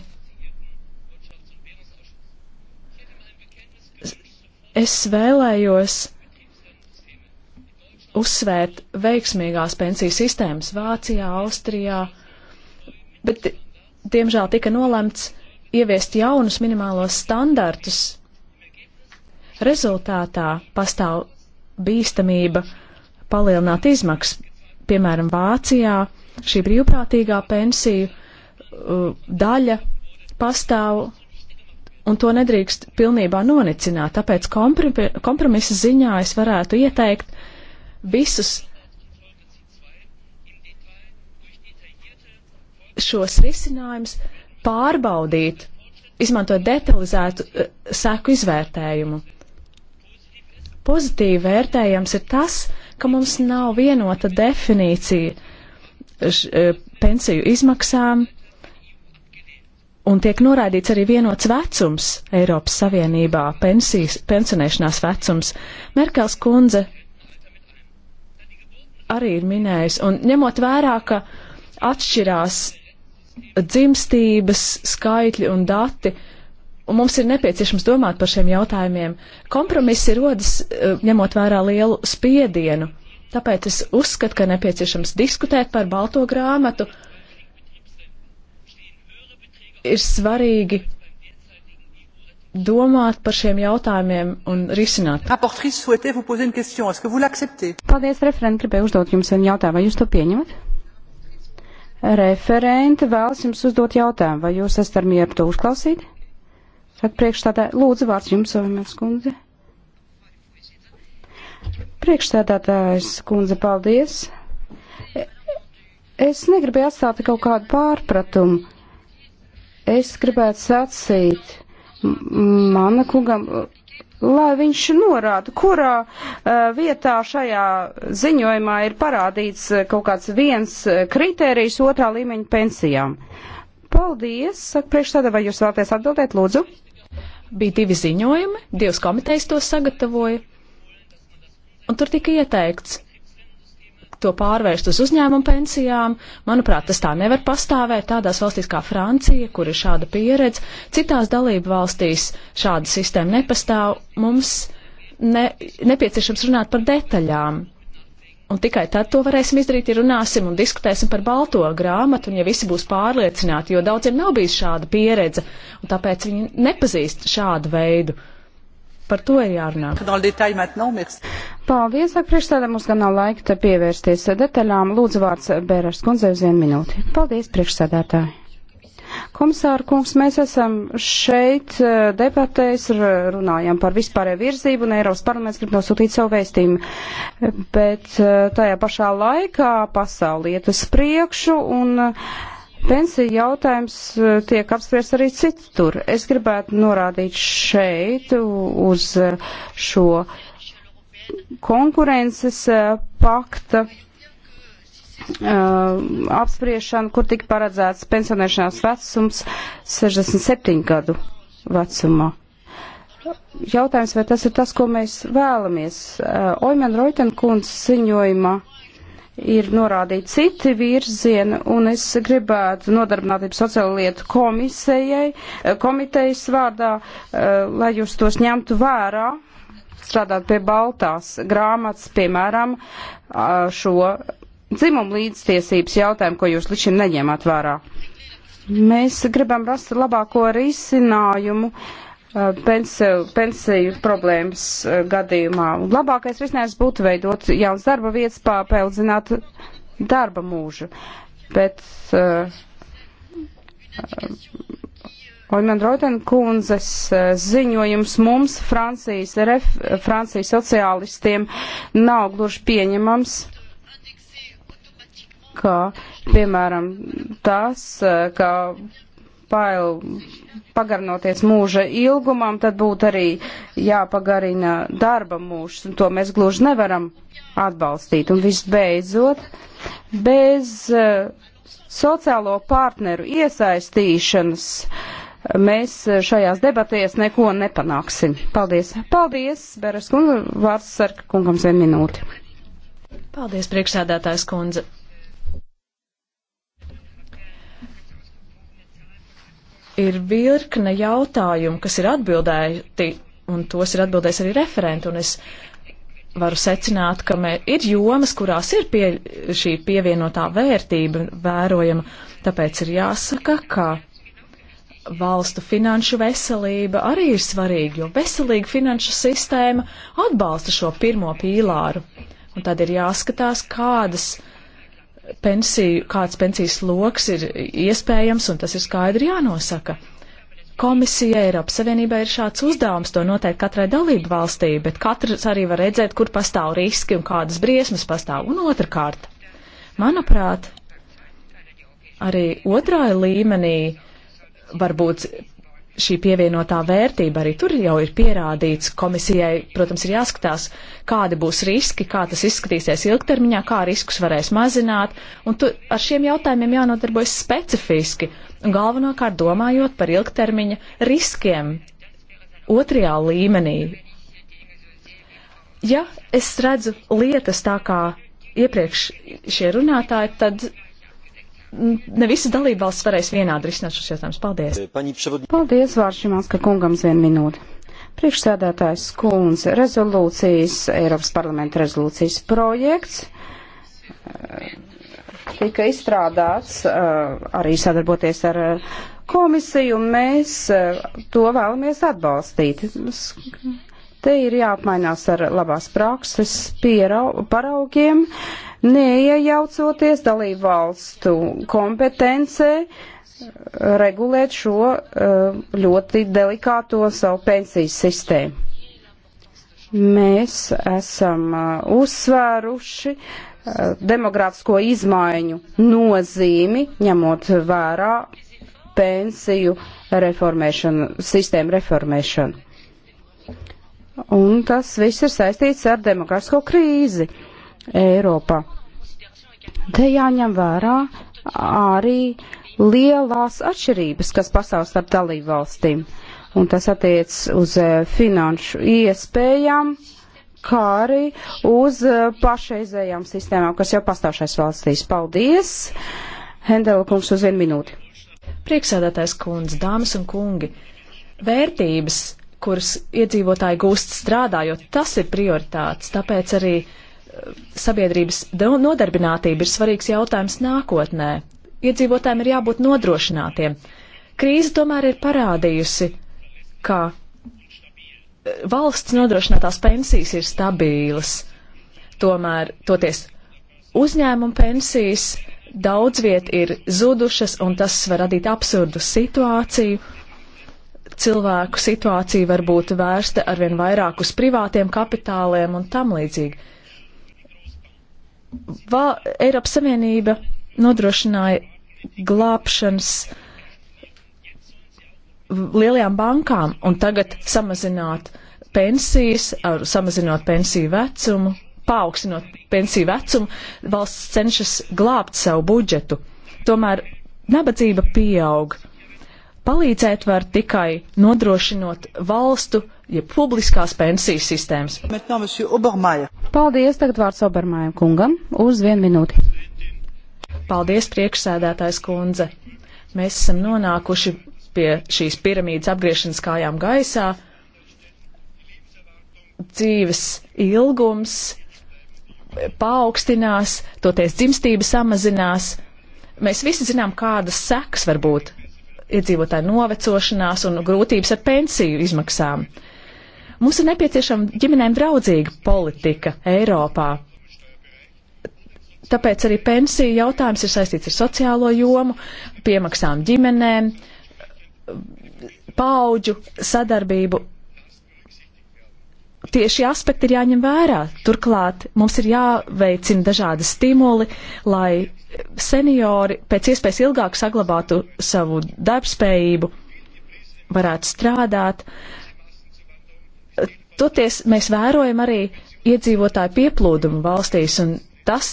Es vēlējos uzsvērt veiksmīgās pensiju sistēmas Vācijā, Austrijā, bet diemžēl tika nolemts ieviest jaunus minimālos standartus. Rezultātā pastāv bīstamība palielināt izmaksas. Piemēram, Vācijā šī brīvprātīgā pensiju uh, daļa pastāv, un to nedrīkst pilnībā nonicināt. Tāpēc kompromisa ziņā es varētu ieteikt visus šos risinājumus pārbaudīt, izmantojot detalizētu eh, seku izvērtējumu. Pozitīvi vērtējams ir tas, ka mums nav vienota definīcija š, eh, pensiju izmaksām, un tiek noraidīts arī vienots vecums Eiropas Savienībā - pensionēšanās vecums. Merkels kundze arī ir minējis. Un ņemot vērā, ka atšķirās dzimstības skaitļi un dati, un mums ir nepieciešams domāt par šiem jautājumiem, kompromisi rodas e, ņemot vērā lielu spiedienu. Tāpēc es uzskatu, ka nepieciešams diskutēt par balto grāmatu. Ir svarīgi domāt par šiem jautājumiem un risināt. Paldies, referenti, gribēju uzdot jums vienu jautājumu. Vai jūs to pieņemat? Referente vēlas jums uzdot jautājumu. Vai jūs esat ar mieru to uzklausīt? Tad priekšstādā lūdzu vārds jums, Ovimēns kundze. Priekšstādātājs kundze, paldies. Es negribēju atstāt kaut kādu pārpratumu. Es gribētu sacīt mana kungam, lai viņš norāda, kurā eh, vietā šajā ziņojumā ir parādīts eh, kaut kāds viens eh, kritērijs otrā līmeņa pensijām. Paldies, saka priekšstādā, vai jūs vēlaties atbildēt, lūdzu? Bija divi ziņojumi, divas komitejas to sagatavoja, un tur tika ieteikts to pārvērst uz uzņēmumu pensijām. Manuprāt, tas tā nevar pastāvēt tādās valstīs kā Francija, kur ir šāda pieredze. Citās dalību valstīs šāda sistēma nepastāv. Mums ne, nepieciešams runāt par detaļām. Un tikai tad to varēsim izdarīt, ja runāsim un diskutēsim par balto grāmatu, un ja visi būs pārliecināti, jo daudziem nav bijis šāda pieredze, un tāpēc viņi nepazīst šādu veidu uh, par to ir jārunā. Paldies, ak, priekšstādā mums gan nav laika te pievērsties detaļām. Lūdzu, vārds Bērārs kundzei uz vienu minūti. Paldies, priekšsādātāji. Komisāra kungs, mēs esam šeit eh, debatēs, runājam par vispārēju virzību, un Eiropas parlaments grib nosūtīt savu vēstījumu. Eh, bet eh, tajā pašā laikā pasauli iet uz priekšu, un uh, Pensija jautājums eh, tiek apspriests arī citur. Es gribētu norādīt šeit uz eh, šo konkurences eh, pakta apspriešanu, kur tika paredzēts pensionēšanās vecums 67 gadu vecumā. Jautājums, vai tas ir tas, ko mēs vēlamies? Oimen Roitenkunds ziņojumā ir norādīti citi virzieni, un es gribētu nodarbinātību sociālo lietu komisijai, eh, komitejas vārdā, eh, lai jūs tos ņemtu vērā, strādāt pie baltās grāmatas, piemēram, šo dzimumu līdztiesības jautājumu, ko jūs līdz šim neņēmāt vērā. Mēs gribam rast labāko risinājumu Uh, pensiju, pensiju problēmas uh, gadījumā. Labākais risinājums būtu veidot jauns darba vietas, papildzināt darba mūžu. Bet uh, uh Oimen Roten kundzes ziņojums mums, Francijas, ref, Francijas sociālistiem, nav gluži pieņemams, ka, piemēram, tas, ka pail, pagarinoties mūža ilgumam, tad būtu arī jāpagarina darba mūžs, un to mēs gluži nevaram atbalstīt. Un visbeidzot, bez eh, sociālo partneru iesaistīšanas eh, mēs eh, šajās debatēs neko nepanāksim. Paldies. Paldies, Beres kundze, vārds sarka kungams vien minūti. Paldies, priekšsēdētājs kundze. ir virkne jautājumu, kas ir atbildēti, un tos ir atbildējis arī referenti, un es varu secināt, ka mē, ir jomas, kurās ir pie, šī pievienotā vērtība vērojama, tāpēc ir jāsaka, ka valstu finanšu veselība arī ir svarīga, jo veselīga finanšu sistēma atbalsta šo pirmo pīlāru, un tad ir jāskatās, kādas uh, pensiju, kāds pensijas loks ir iespējams, un tas ir skaidri jānosaka. Komisija Eiropas Savienībā ir šāds uzdevums to noteikt katrai dalību valstī, bet katrs arī var redzēt, kur pastāv riski un kādas briesmas pastāv. Un otrkārt, manuprāt, arī otrā līmenī varbūt šī pievienotā vērtība arī tur jau ir pierādīts. Komisijai, protams, ir jāskatās, kādi būs riski, kā tas izskatīsies ilgtermiņā, kā riskus varēs mazināt, un tu, ar šiem jautājumiem jānodarbojas specifiski, un galvenokārt domājot par ilgtermiņa riskiem otrajā līmenī. Ja es redzu lietas tā kā iepriekš šie runātāji, tad ne visas dalībvalsts varēs vienādi risināt šos jautājumus. Paldies! E, Paldies, Vāršimanska kungam, vien minūte. Priekšsēdētājs Kunz, rezolūcijas, Eiropas parlamenta rezolūcijas projekts e, tika izstrādāts e, arī sadarboties ar komisiju, un mēs to vēlamies atbalstīt. Te ir jāapmainās ar labās prakses pieraugiem. Piera, neiejaucoties dalību valstu kompetencē regulēt šo eh, ļoti delikāto savu pensijas sistēmu. Mēs esam eh, uzsvēruši eh, demografisko izmaiņu nozīmi, ņemot vērā pensiju reformēšanu, sistēmu reformēšanu. Un tas viss ir saistīts ar demografisko krīzi. Uh, Eiropā. Te jāņem vērā arī lielās atšķirības, kas pastāv starp dalību valstīm. Un tas attiec uz eh, finanšu iespējām, kā arī uz eh, pašreizējām sistēmām, kas jau pastāv šais valstīs. Paldies! Hendela kungs uz vienu minūti. Prieksēdētājs kundze, dāmas un kungi, vērtības, kuras iedzīvotāji gūst strādājot, tas ir prioritāts. Tāpēc arī uh, sabiedrības nodarbinātība ir svarīgs jautājums nākotnē. Iedzīvotājiem ir jābūt nodrošinātiem. Krīze tomēr ir parādījusi, ka e, valsts nodrošinātās pensijas ir stabīlas. Tomēr, toties uzņēmumu pensijas daudz viet ir zudušas, un tas var radīt absurdu situāciju. Cilvēku situācija var būt vērsta arvien vairāk uz privātiem kapitāliem un tam līdzīgi va, Eiropas Savienība nodrošināja glābšanas lielajām bankām un tagad samazināt pensijas, ar, samazinot pensiju vecumu, paaugstinot pensiju vecumu, valsts cenšas glābt savu budžetu. Tomēr nabadzība pieaug. Palīdzēt var tikai nodrošinot valstu, ja publiskās pensijas sistēmas. Paldies, tagad vārds Obermājam kungam uz vienu minūti. Paldies, priekšsēdētājs kundze. Mēs esam nonākuši pie šīs piramīdas apgriešanas kājām gaisā. Dzīves ilgums paaugstinās, toties dzimstība samazinās. Mēs visi zinām, kādas sekas var būt iedzīvotāju novecošanās un grūtības ar pensiju izmaksām. Uh, Mums ir nepieciešama ģimenēm draudzīga politika Eiropā. Tāpēc arī pensiju jautājums ir saistīts ar sociālo jomu, piemaksām ģimenēm, paauģu sadarbību. Tieši šie aspekti ir jāņem vērā. Turklāt mums ir jāveicina dažādi stimuli, lai seniori pēc iespējas ilgāk saglabātu savu darbspējību, varētu strādāt. Uh, Toties mēs vērojam arī iedzīvotāju pieplūdumu valstīs, un tas,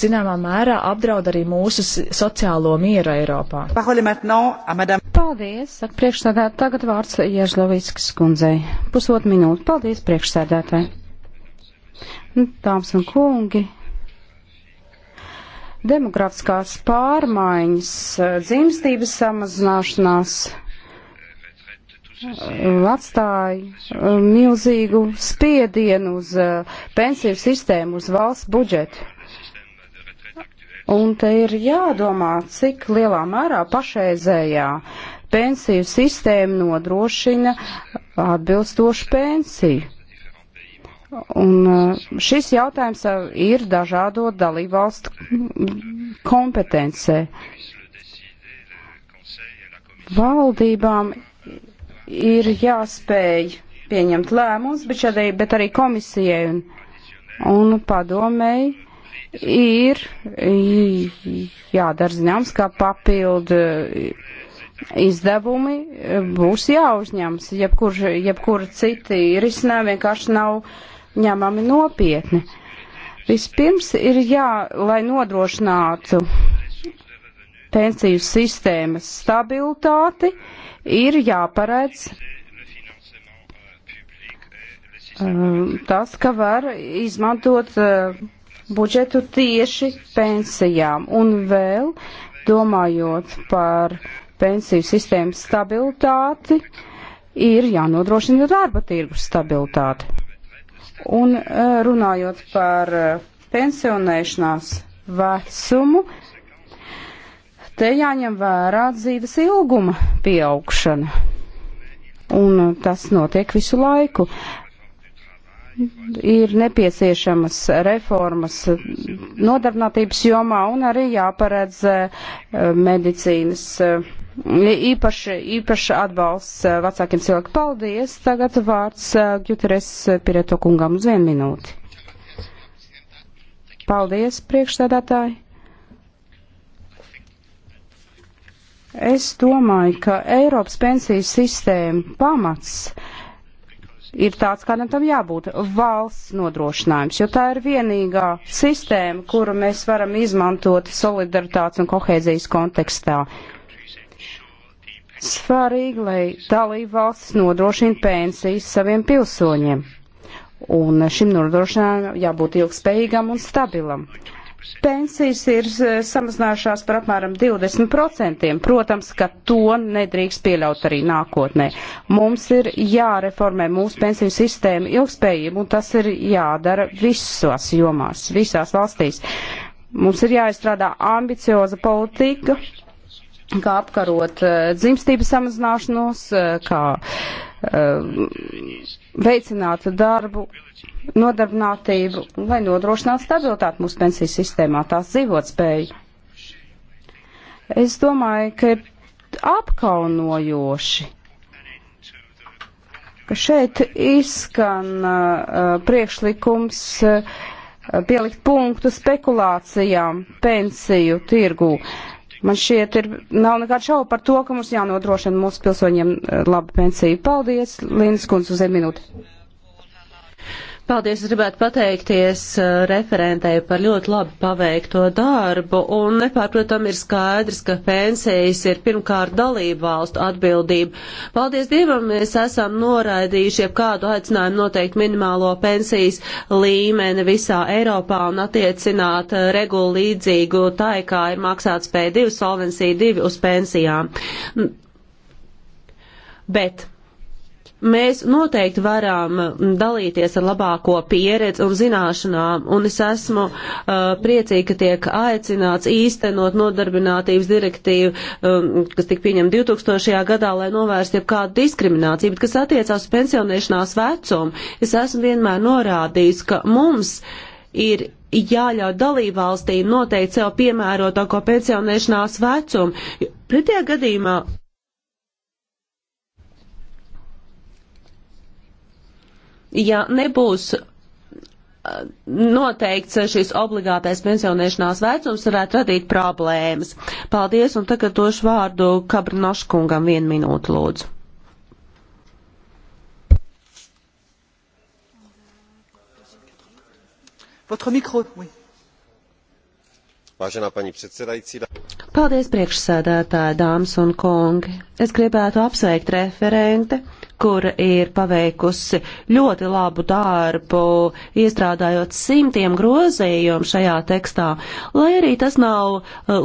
zināmā mērā, apdraud arī mūsu sociālo mieru Eiropā. Paldies, saka priekšsēdētāji. Tagad vārds Ježlovīskas kundzei. Pusotru minūti. Paldies, priekšsēdētāji. Nu, dāmas un kungi, demografiskās pārmaiņas, eh, dzimstības samazināšanās atstāja uh, milzīgu spiedienu uz uh, pensiju sistēmu, uz valsts budžetu. Un te ir jādomā, cik lielā mērā pašreizējā pensiju sistēma nodrošina atbilstošu pensiju. Un uh, šis jautājums ir dažādo dalībvalstu kompetencē. Valdībām ir jāspēj pieņemt lēmumus, bet, šādai, bet arī komisijai un, un padomēji ir jādara zināms, ka papildu izdevumi būs jāuzņems. Jebkur, jebkur citi risinājumi vienkārši nav ņemami nopietni. Vispirms ir jā, lai nodrošinātu pensiju sistēmas stabilitāti, ir jāparedz um, tas, ka var izmantot uh, budžetu tieši pensijām. Un vēl, domājot par pensiju sistēmas stabilitāti, ir jānodrošina darba tirgus stabilitāti. Un uh, runājot par uh, pensionēšanās vecumu, Te jāņem vērā dzīves ilguma pieaugšana. Un uh, tas notiek visu laiku ir nepieciešamas reformas nodarbinātības jomā un arī jāparedz uh, medicīnas uh, īpaši, īpaši atbalsts vecākiem cilvēkiem. Paldies! Tagad vārds Gjuteres Pireto kungam uz vienu minūti. Paldies, priekšstādātāji! Es domāju, ka Eiropas pensiju sistēma pamats ir tāds, kādam tam jābūt - valsts nodrošinājums, jo tā ir vienīgā sistēma, kuru mēs varam izmantot solidaritātes un kohēzijas kontekstā. Svarīgi, lai dalība valsts nodrošina pensijas saviem pilsoņiem, un šim nodrošinājumam jābūt ilgspējīgam un stabilam. Pensijas ir eh, samazinājušās par apmēram 20%. Protams, ka to nedrīkst pieļaut arī nākotnē. Mums ir jāreformē mūsu pensiju sistēma ilgspējību, un tas ir jādara visās jomās, visās valstīs. Mums ir jāizstrādā ambicioza politika, kā apkarot eh, dzimstības samazināšanos, eh, kā Um, veicinātu darbu, nodarbinātību, lai nodrošinātu stabilitāti mūsu pensiju sistēmā, tās dzīvotspēju. Es domāju, ka ir apkaunojoši, ka šeit izskan uh, priekšlikums uh, pielikt punktu spekulācijām pensiju tirgū. Uh, Man šķiet, ir, nav nekāda šauba par to, ka mums jānodrošina mūsu pilsoņiem eh, laba pensija. Paldies, Līnas kundze, uz vienu minūti. Paldies, es gribētu pateikties eh, referentei par ļoti labi paveikto darbu, un nepārprotam ir skaidrs, ka pensijas ir pirmkārt dalību valstu atbildība. Paldies Dievam, mēs esam noraidījuši jau kādu aicinājumu noteikt minimālo pensijas līmeni visā Eiropā un attiecināt eh, regulu līdzīgu tai, kā ir maksāts P2, Solvency 2 uz pensijām. Bet Mēs noteikti varam mm, dalīties ar labāko pieredzi un zināšanām, un es esmu uh, priecīga, ka tiek aicināts īstenot nodarbinātības direktīvu, um, kas tika pieņemta 2000. gadā, lai novērstu jebkādu diskrimināciju, bet kas attiecās uz pensionēšanās vecumu, es esmu vienmēr norādījis, ka mums ir jāļauj dalībvalstīm noteikt sev piemērotāko pensionēšanās vecumu. Pretējā gadījumā ja nebūs eh, noteikts šis obligātais pensionēšanās vecums varētu radīt problēmas. Paldies, un tagad došu vārdu Kabrinoškungam vienu minūtu lūdzu. Mikro, oui. Váženā paņi predsedajci. Paldies priekšsēdētāji, dāmas un kungi. Es gribētu apsveikt referente kura ir paveikusi ļoti labu darbu, iestrādājot simtiem grozījumu šajā tekstā, lai arī tas nav uh,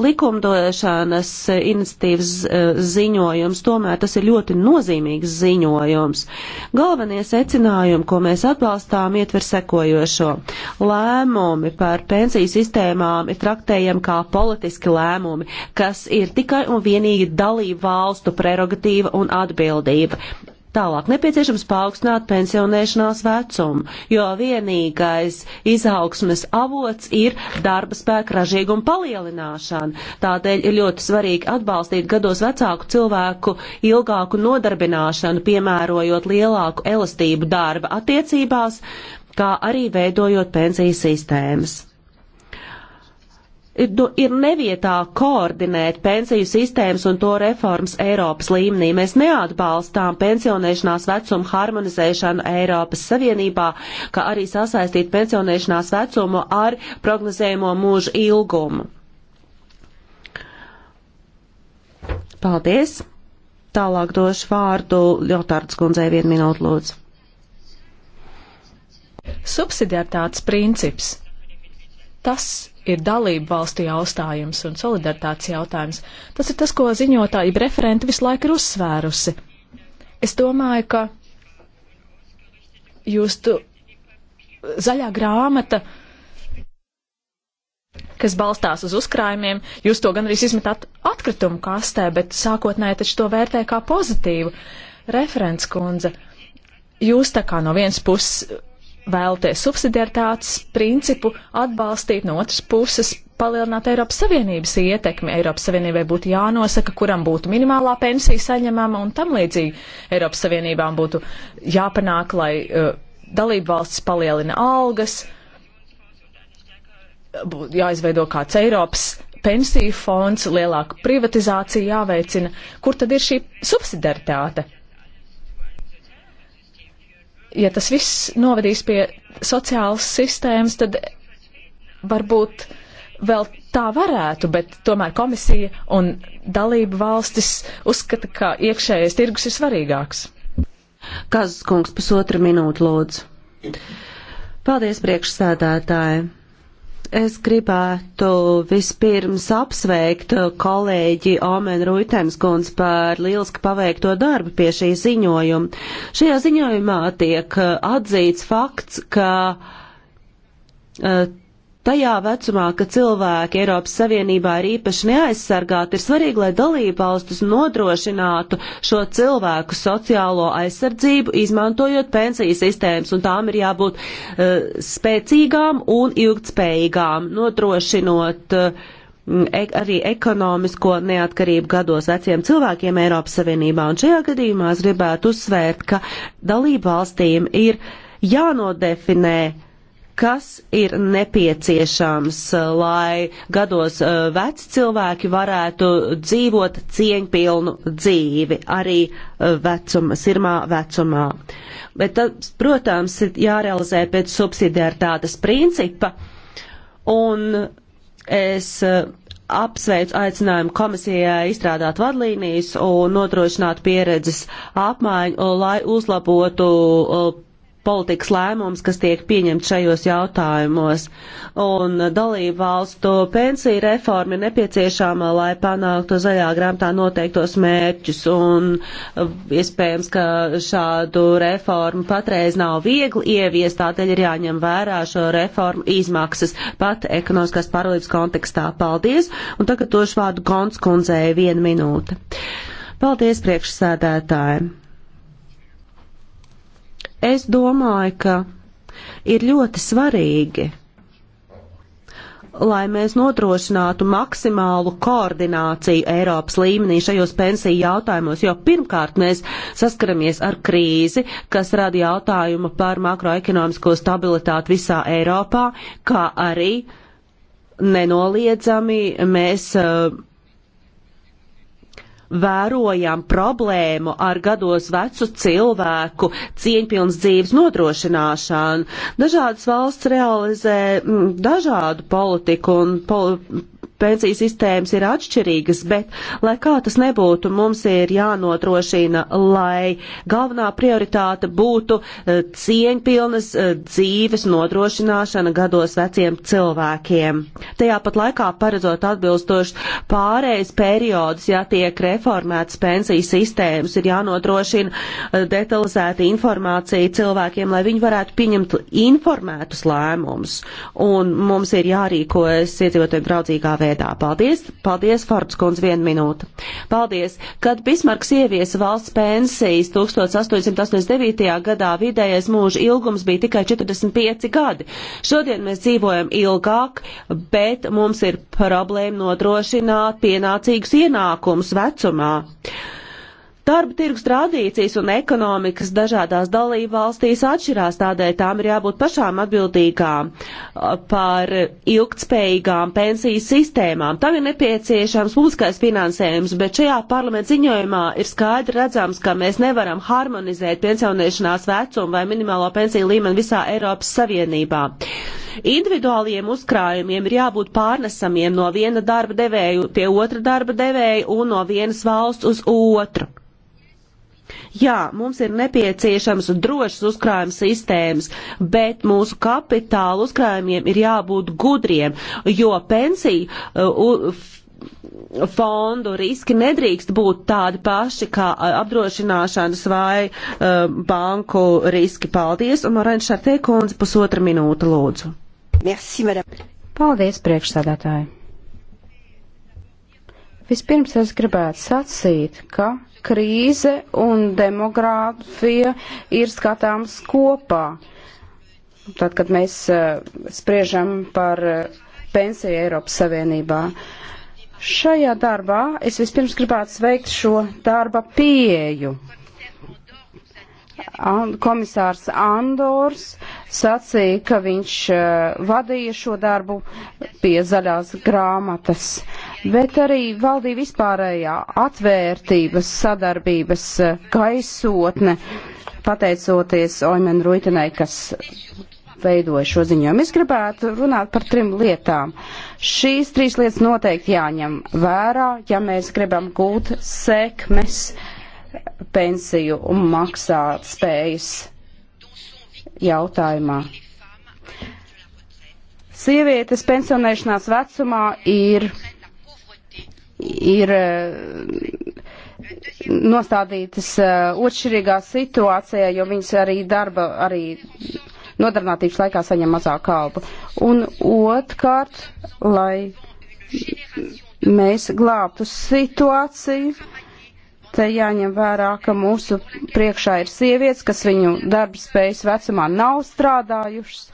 likumdošanas iniciatīvas uh, ziņojums, tomēr tas ir ļoti nozīmīgs ziņojums. Galvenie secinājumi, ko mēs atbalstām, ietver sekojošo. Lēmumi par pensiju sistēmām ir traktējami kā politiski lēmumi, kas ir tikai un vienīgi dalību valstu prerogatīva un atbildība. Tālāk nepieciešams paaugstināt pensionēšanās vecumu, jo vienīgais izaugsmes avots ir darba spēka ražīguma palielināšana. Tādēļ ir ļoti svarīgi atbalstīt gados vecāku cilvēku ilgāku nodarbināšanu, piemērojot lielāku elastību darba attiecībās, kā arī veidojot pensijas sistēmas ir, nu, ir nevietā koordinēt pensiju sistēmas un to reformas Eiropas līmenī. Mēs neatbalstām pensionēšanās vecumu harmonizēšanu Eiropas Savienībā, kā arī sasaistīt pensionēšanās vecumu ar prognozējumu mūžu ilgumu. Paldies! Tālāk došu vārdu Ļotārdas kundzei vienu minūtu lūdzu. Subsidiartāts princips. Tas ir dalību valstu jautājums un solidaritātes jautājums. Tas ir tas, ko ziņotāji referenti visu laiku ir uzsvērusi. Es domāju, ka jūs tu zaļā grāmata, kas balstās uz uzkrājumiem, jūs to gan arī izmetat atkritumu kastē, bet sākotnēji taču to vērtē kā pozitīvu. Referents kundze, jūs tā kā no vienas puses vēlaties subsidiaritātes principu atbalstīt, no otras puses palielināt Eiropas Savienības ietekmi. Eiropas Savienībai būtu jānosaka, kuram būtu minimālā pensija saņemama un tam līdzīgi Eiropas Savienībām būtu jāpanāk, lai uh, dalību valsts palielina algas, būtu jāizveido kāds Eiropas pensiju fonds, lielāka privatizācija jāveicina. Kur tad ir šī subsidiaritāte? ja tas viss novedīs pie sociālas sistēmas, tad varbūt vēl tā varētu, bet tomēr komisija un dalība valstis uzskata, ka iekšējais tirgus ir svarīgāks. Kazas kungs, pusotra minūte lūdzu. Paldies priekšsēdētāji. Es gribētu vispirms apsveikt kolēģi Omen Ruitenskundz par lieliski paveikto darbu pie šī ziņojuma. Šajā ziņojumā tiek atzīts fakts, ka eh, Tajā vecumā, ka cilvēki Eiropas Savienībā ir īpaši neaizsargāti, ir svarīgi, lai dalībvalstis nodrošinātu šo cilvēku sociālo aizsardzību, izmantojot pensiju sistēmas, un tām ir jābūt uh, spēcīgām un ilgtspējīgām, nodrošinot uh, e arī ekonomisko neatkarību gados veciem cilvēkiem Eiropas Savienībā. Un šajā gadījumā es gribētu uzsvērt, ka dalībvalstīm ir jānodefinē, kas ir nepieciešams, lai gados eh, veci cilvēki varētu dzīvot cieņpilnu dzīvi arī eh, vecuma, sirmā vecumā. Bet tas, protams, ir jārealizē pēc subsidiaritātes principa, un es eh, apsveicu aicinājumu komisijai izstrādāt vadlīnijas un nodrošināt pieredzes apmaiņu, lai uzlabotu politikas lēmums, kas tiek pieņemts šajos jautājumos. Un dalību valstu pensija reforma ir nepieciešama, lai panāktu zaļā grāmatā noteiktos mērķus. Un eh, iespējams, ka šādu reformu patreiz nav viegli ieviest, tādēļ ir jāņem vērā šo reformu izmaksas pat ekonomiskās pārvaldības kontekstā. Paldies! Un tagad došu vārdu Gons kundzei vienu minūti. Paldies priekšsēdētājiem! Es domāju, ka ir ļoti svarīgi, lai mēs nodrošinātu maksimālu koordināciju Eiropas līmenī šajos pensiju jautājumos, jo pirmkārt mēs saskaramies ar krīzi, kas rada jautājumu par makroekonomisko stabilitāti visā Eiropā, kā arī nenoliedzami mēs uh, vērojam problēmu ar gados vecu cilvēku cieņpilnas dzīves nodrošināšanu. Dažādas valsts realizē mm, dažādu politiku un pol pensiju sistēmas ir atšķirīgas, bet, lai kā tas nebūtu, mums ir jānodrošina, lai galvenā prioritāte būtu eh, cieņpilnas eh, dzīves nodrošināšana gados veciem cilvēkiem. Tajā pat laikā paredzot atbilstoši pārējais periodus, ja tiek reformētas pensiju sistēmas, ir jānodrošina eh, detalizēta informācija cilvēkiem, lai viņi varētu pieņemt informētus lēmumus. Un mums ir jārīkojas iedzīvotiem draudzīgā veidā veidā. Paldies! Paldies, Fords kundz, vienu minūtu. Paldies! Kad Bismarks ieviesa valsts pensijas 1889. gadā vidējais mūža ilgums bija tikai 45 gadi. Šodien mēs dzīvojam ilgāk, bet mums ir problēma nodrošināt pienācīgus ienākumus vecumā. Darba tirgus tradīcijas un ekonomikas dažādās dalību valstīs atšķirās, tādēļ tām ir jābūt pašām atbildīgām uh, par ilgtspējīgām pensijas sistēmām. Tam ir nepieciešams publiskais finansējums, bet šajā parlamenta ziņojumā ir skaidri redzams, ka mēs nevaram harmonizēt pensionēšanās vecumu vai minimālo pensiju līmeni visā Eiropas Savienībā. Individuāliem uzkrājumiem ir jābūt pārnesamiem no viena darba devēju pie otra darba devēja un no vienas valsts uz otru. Jā, mums ir nepieciešams drošas uzkrājuma sistēmas, bet mūsu kapitāla uzkrājumiem ir jābūt gudriem, jo pensiju. Uh, fondu riski nedrīkst būt tādi paši kā apdrošināšanas vai uh, banku riski. Paldies, un Morēna Šartē kundze pusotra minūte lūdzu. Merci, madame. Paldies, priekšsādātāji. Vispirms es gribētu sacīt, ka krīze un demogrāfija ir skatāms kopā. Tad, kad mēs uh, spriežam par uh, pensiju Eiropas Savienībā. Šajā darbā es vispirms gribētu sveikt šo darba pieeju. Komisārs Andors sacīja, ka viņš uh, vadīja šo darbu pie zaļās grāmatas. Uh, bet arī valdīja vispārējā atvērtības sadarbības eh, gaisotne, pateicoties Oimen Ruitenai, kas veidoja šo ziņojumu. Es gribētu runāt par trim lietām. Šīs trīs lietas noteikti jāņem vērā, ja mēs gribam gūt sekmes pensiju un maksāt spējas jautājumā. Sievietes pensionēšanās vecumā ir ir eh, nostādītas eh, otršķirīgā situācijā, jo viņas arī darba, arī nodarbinātības laikā saņem mazāk albu. Un otrkārt, lai mēs glābtu situāciju, te jāņem vērā, ka mūsu priekšā ir sievietes, kas viņu darba spējas vecumā nav strādājušas.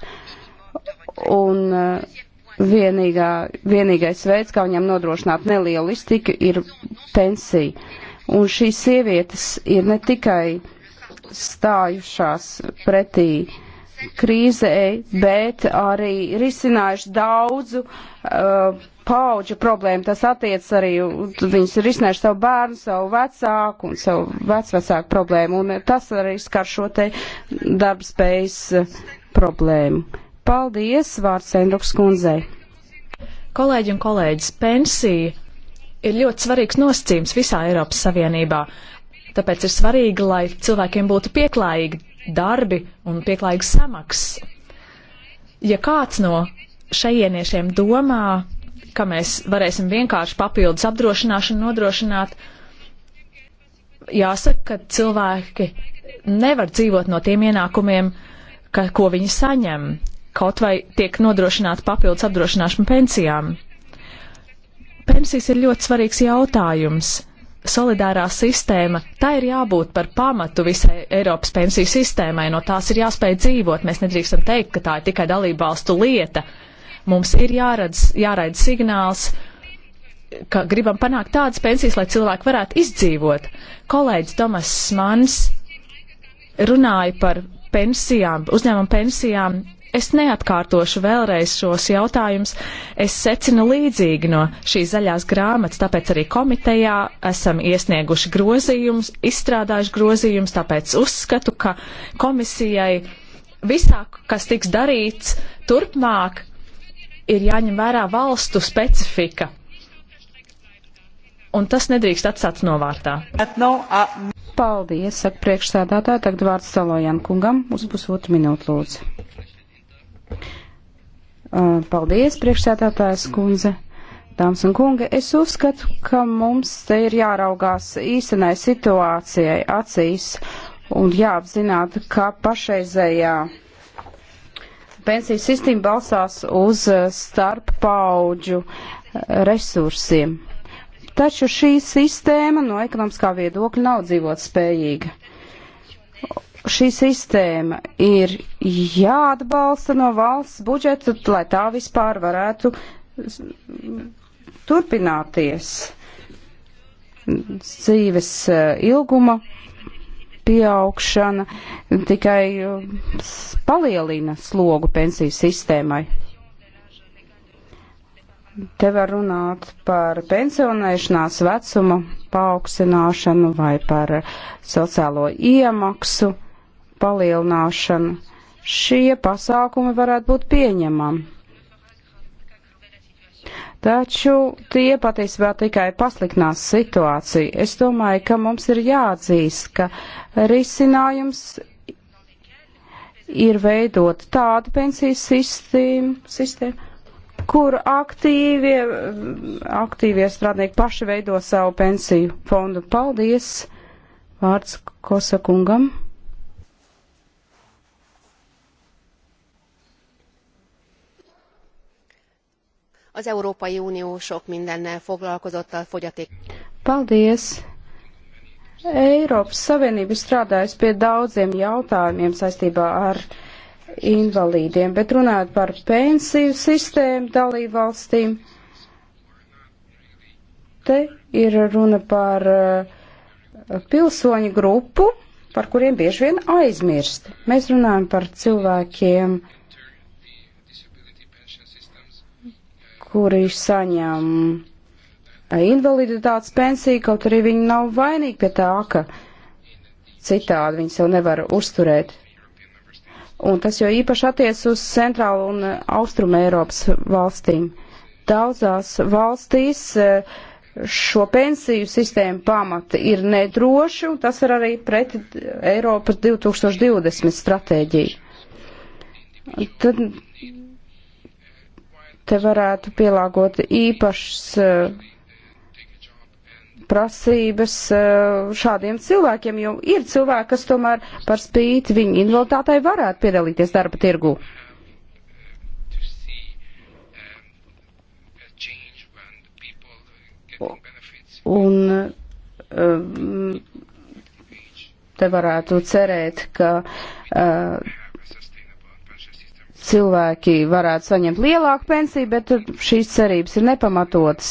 Un uh, vienīgā, vienīgais veids, kā viņam nodrošināt nelielu iztiku, ir pensija. Un šīs sievietes ir ne tikai stājušās pretī krīzē, bet arī risinājuši daudzu uh, pauģu problēmu. Tas attiec arī, viņas ir risinājuši savu bērnu, savu vecāku un savu vecvecāku problēmu. Un tas arī skar šo te darbspējas uh, problēmu. Paldies, vārds Endruks kundzei. Kolēģi un kolēģis, pensija ir ļoti svarīgs nosacījums visā Eiropas Savienībā. Tāpēc ir svarīgi, lai cilvēkiem būtu pieklājīgi darbi un pieklājīgs samaksas. Ja kāds no šajieniešiem domā, ka mēs varēsim vienkārši papildus apdrošināšanu nodrošināt, jāsaka, ka cilvēki nevar dzīvot no tiem ienākumiem, ka, ko viņi saņem kaut vai tiek nodrošināta papildus apdrošināšana pensijām. Pensijas ir ļoti svarīgs jautājums. Solidārā sistēma, tā ir jābūt par pamatu visai Eiropas pensiju sistēmai, no tās ir jāspēj dzīvot. Mēs nedrīkstam teikt, ka tā ir tikai dalība valstu lieta. Mums ir jāredz, jāraida signāls, ka gribam panākt tādas pensijas, lai cilvēki varētu izdzīvot. Kolēģis Tomas Mans runāja par pensijām, uzņēmumu pensijām Es neatkārtošu vēlreiz šos jautājumus. Es secinu līdzīgi no šīs zaļās grāmatas, tāpēc arī komitejā esam iesnieguši grozījumus, izstrādājuši grozījumus, tāpēc uzskatu, ka komisijai visā, kas tiks darīts turpmāk, ir jāņem vērā valstu specifika. Un tas nedrīkst atstāt novārtā. Nu, Paldies, saka priekšsēdētāja, tagad vārds Salojan kungam uz pusotru minūtu lūdzu. Uh, paldies, priekšsētātājs kundze. Dāmas un kungi, es uzskatu, ka mums te ir jāraugās īstenai situācijai acīs un jāapzināt, ka pašreizējā pensiju sistēma balstās uz uh, starp paudžu uh, resursiem. Taču šī sistēma no ekonomiskā viedokļa nav dzīvot spējīga šī sistēma ir jāatbalsta no valsts budžeta, lai tā vispār varētu turpināties dzīves eh, ilguma pieaugšana tikai eh, palielina slogu pensiju sistēmai. Te var runāt par pensionēšanās vecumu paaugstināšanu vai par eh, sociālo iemaksu palielināšanu. Šie pasākumi varētu būt pieņemami. Taču tie patiesībā tikai pasliknās situāciju. Es domāju, ka mums ir jāatzīst, ka risinājums ir veidot tādu pensijas sistēmu, sistēmu kur aktīvie, aktīvie strādnieki paši veido savu pensiju fondu. Paldies! Vārds Kosakungam. az Európai Unió sok mindennel foglalkozott a fogyaték. Paldies! Eiropas Savienība strādājas pie daudziem jautājumiem saistībā ar invalīdiem, bet runājot par pensiju sistēmu dalībvalstīm, te ir runa par uh, pilsoņu grupu, par kuriem bieži vien aizmirst. Mēs runājam par cilvēkiem, uh, kuri saņem invaliditātes pensiju, kaut arī viņi nav vainīgi pie tā, ka citādi viņi sev nevar uzturēt. Un tas jau īpaši attiec uz centrālu un austrumu Eiropas valstīm. Daudzās valstīs eh, šo pensiju sistēmu pamati ir nedroši, un tas ir arī pret Eiropas 2020 stratēģiju. Tad te varētu pielāgot īpašas eh, prasības eh, šādiem cilvēkiem, jo ir cilvēki, kas tomēr par spīti viņu invaliditātei varētu piedalīties darba tirgu. Un um, te varētu cerēt, ka uh, cilvēki varētu saņemt lielāku pensiju, bet šīs cerības ir nepamatotas.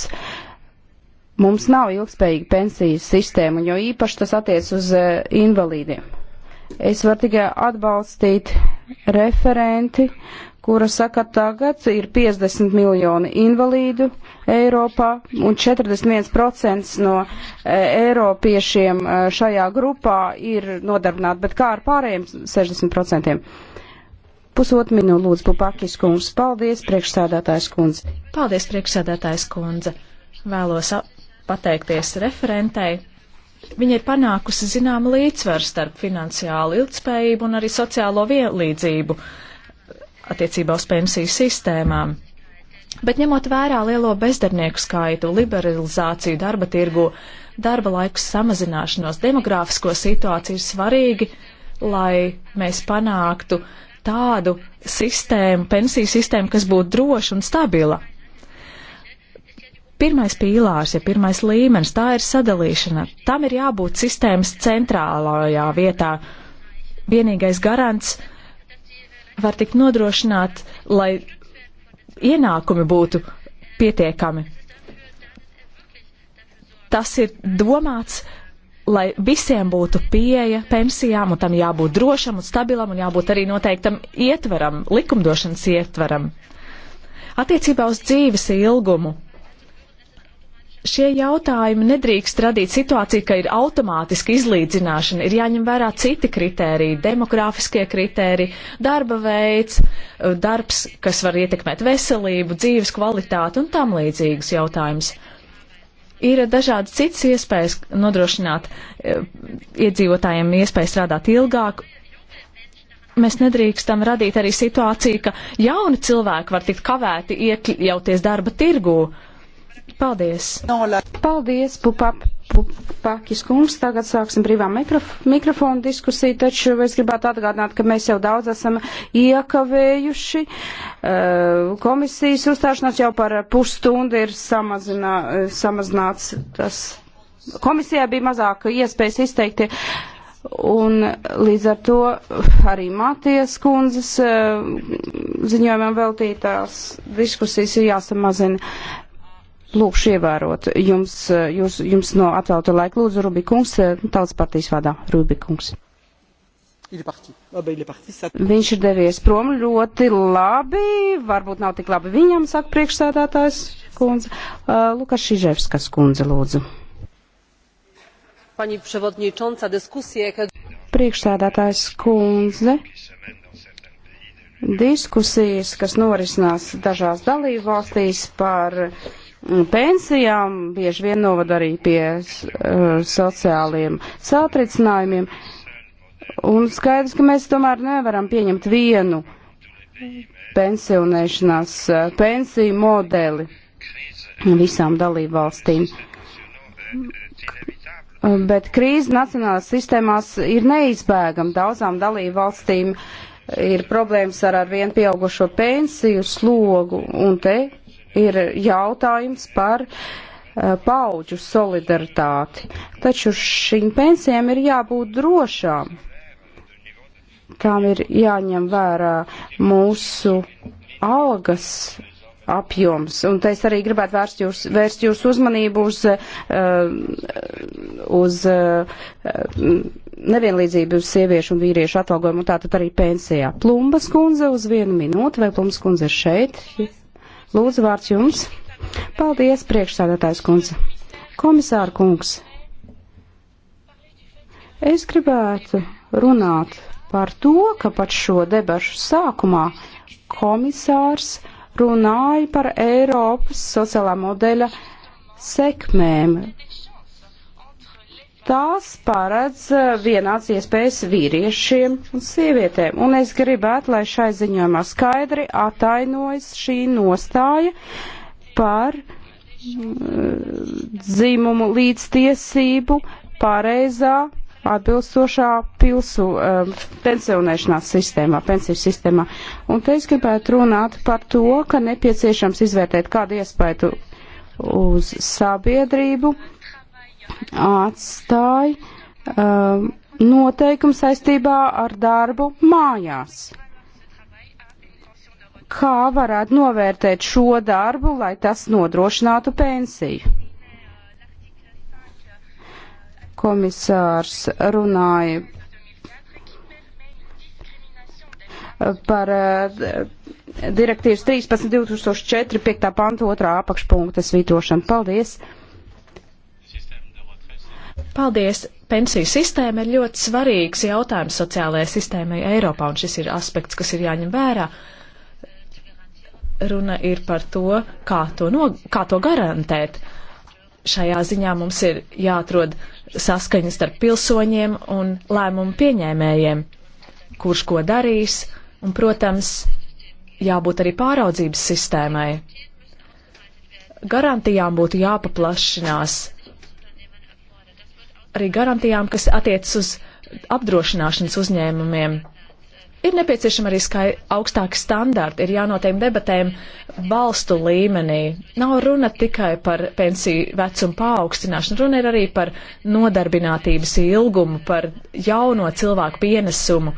Mums nav ilgspējīga pensijas sistēma, jo īpaši tas attiec uz eh, invalīdiem. Es varu tikai atbalstīt referenti, kura saka, tagad ir 50 miljoni invalīdu Eiropā un 41% no e, eiropiešiem eh, šajā grupā ir nodarbināti, bet kā ar pārējiem 60%? Pusotru minūtu lūdzu Pupakis kungs. Paldies, priekšsēdētājs kundze. Paldies, priekšsēdētājs kundze. Vēlos pateikties referentei. Viņa ir panākusi zināmu līdzsvaru starp finansiālu ilgspējību un arī sociālo vienlīdzību attiecībā uz pensiju sistēmām. Bet ņemot vērā lielo bezdarnieku skaitu, liberalizāciju darba tirgu, darba laiku samazināšanos, demogrāfisko situāciju ir svarīgi, lai mēs panāktu tādu sistēmu, pensiju sistēmu, kas būtu droša un stabila. Pirmais pīlārs, ja pirmais līmenis, tā ir sadalīšana. Tam ir jābūt sistēmas centrālajā vietā. Vienīgais garants var tikt nodrošināt, lai ienākumi būtu pietiekami. Tas ir domāts lai visiem būtu pieeja pensijām, un tam jābūt drošam un stabilam, un jābūt arī noteiktam ietveram, likumdošanas ietveram. Attiecībā uz dzīves ilgumu. Šie jautājumi nedrīkst radīt situāciju, ka ir automātiski izlīdzināšana, ir jāņem vērā citi kritēriji, demogrāfiskie kritēriji, darba veids, darbs, kas var ietekmēt veselību, dzīves kvalitāti un tam līdzīgus jautājumus. Ir dažādas citas iespējas nodrošināt e, iedzīvotājiem iespēju strādāt ilgāk. Mēs nedrīkstam radīt arī situāciju, ka jauni cilvēki var tikt kavēti iekļauties darba tirgū. Uh, Paldies! Paldies, Pupap! Pakis kungs, tagad sāksim brīvā mikrof mikrofonu diskusiju, taču es gribētu atgādināt, ka mēs jau daudz esam iekavējuši. Eh, komisijas uzstāšanās jau par pusstundu ir samazinā, samazināts. Tas. Komisijā bija mazāk iespējas izteikti. Un līdz ar to arī Matijas kundzes eh, ziņojumam veltītās diskusijas ir jāsamazina lūkšu ievērot jums, eh, jūs, jums no atvēlta laika. Lūdzu, Rubikungs, eh, tautas partijas vārdā. Rubikungs. Ah, Viņš ir devies prom ļoti labi, varbūt nav tik labi viņam, saka priekšsēdētājs kundze. Eh, Lukas Šiževskas kundze, lūdzu. Priekšsēdētājs kundze diskusijas, kas norisinās dažās dalībvalstīs par Mm, pensijām bieži vien novada arī pie uh, sociāliem satricinājumiem. Un skaidrs, ka mēs tomēr nevaram pieņemt vienu pensionēšanās uh, pensiju modeli visām dalībvalstīm. Bet krīze nacionālās sistēmās ir neizbēgama. Daudzām dalībvalstīm ir problēmas ar arvien pieaugušo pensiju slogu, un te ir jautājums par eh, paauģu solidaritāti. Taču šīm pensijām ir jābūt drošām. Tām ir jāņem vērā mūsu algas apjoms. Un te es arī gribētu vērst jūs, vērst jūs uzmanību uz, eh, uz eh, nevienlīdzību uz sieviešu un vīriešu atalgojumu, un tātad arī pensijā. Plumbas kundze uz vienu minūti, vai Plumbas kundze ir šeit? Lūdzu, vārds jums. Paldies, priekšsādātājs kundze. Komisāra kungs, es gribētu runāt par to, ka pat šo debašu sākumā komisārs runāja par Eiropas sociālā modeļa sekmēm, tās paredz eh, vienāds iespējas vīriešiem un sievietēm. Un es gribētu, lai šai ziņojumā skaidri atainojas šī nostāja par mm, dzimumu līdztiesību pareizā atbilstošā pilsu um, pensionēšanās sistēmā, pensiju sistēmā. Un te es gribētu runāt par to, ka nepieciešams izvērtēt kādu iespēju uz sabiedrību. Uh, atstāja um, noteikumu saistībā ar darbu mājās. Kā varētu novērtēt šo darbu, lai tas nodrošinātu pensiju? Komisārs runāja par uh, direktīvas 13.2004. 5. pantu 2. apakšpunkta svītrošanu. Paldies! Paldies! Pensiju sistēma ir ļoti svarīgs jautājums sociālajai sistēmai Eiropā, un šis ir aspekts, kas ir jāņem vērā. Runa ir par to, kā to, no, kā to garantēt. Šajā ziņā mums ir jāatrod saskaņas starp pilsoņiem un lēmumu pieņēmējiem, kurš ko darīs, un, protams, jābūt arī pāraudzības sistēmai. Garantijām būtu jāpaplašinās arī garantijām, kas attiecas uz apdrošināšanas uzņēmumiem. Ir nepieciešama arī skai, augstāka standarta, ir jānotiek debatēm valstu līmenī. Nav runa tikai par pensiju vecumu paaugstināšanu, runa ir arī par nodarbinātības ilgumu, par jauno cilvēku pienesumu.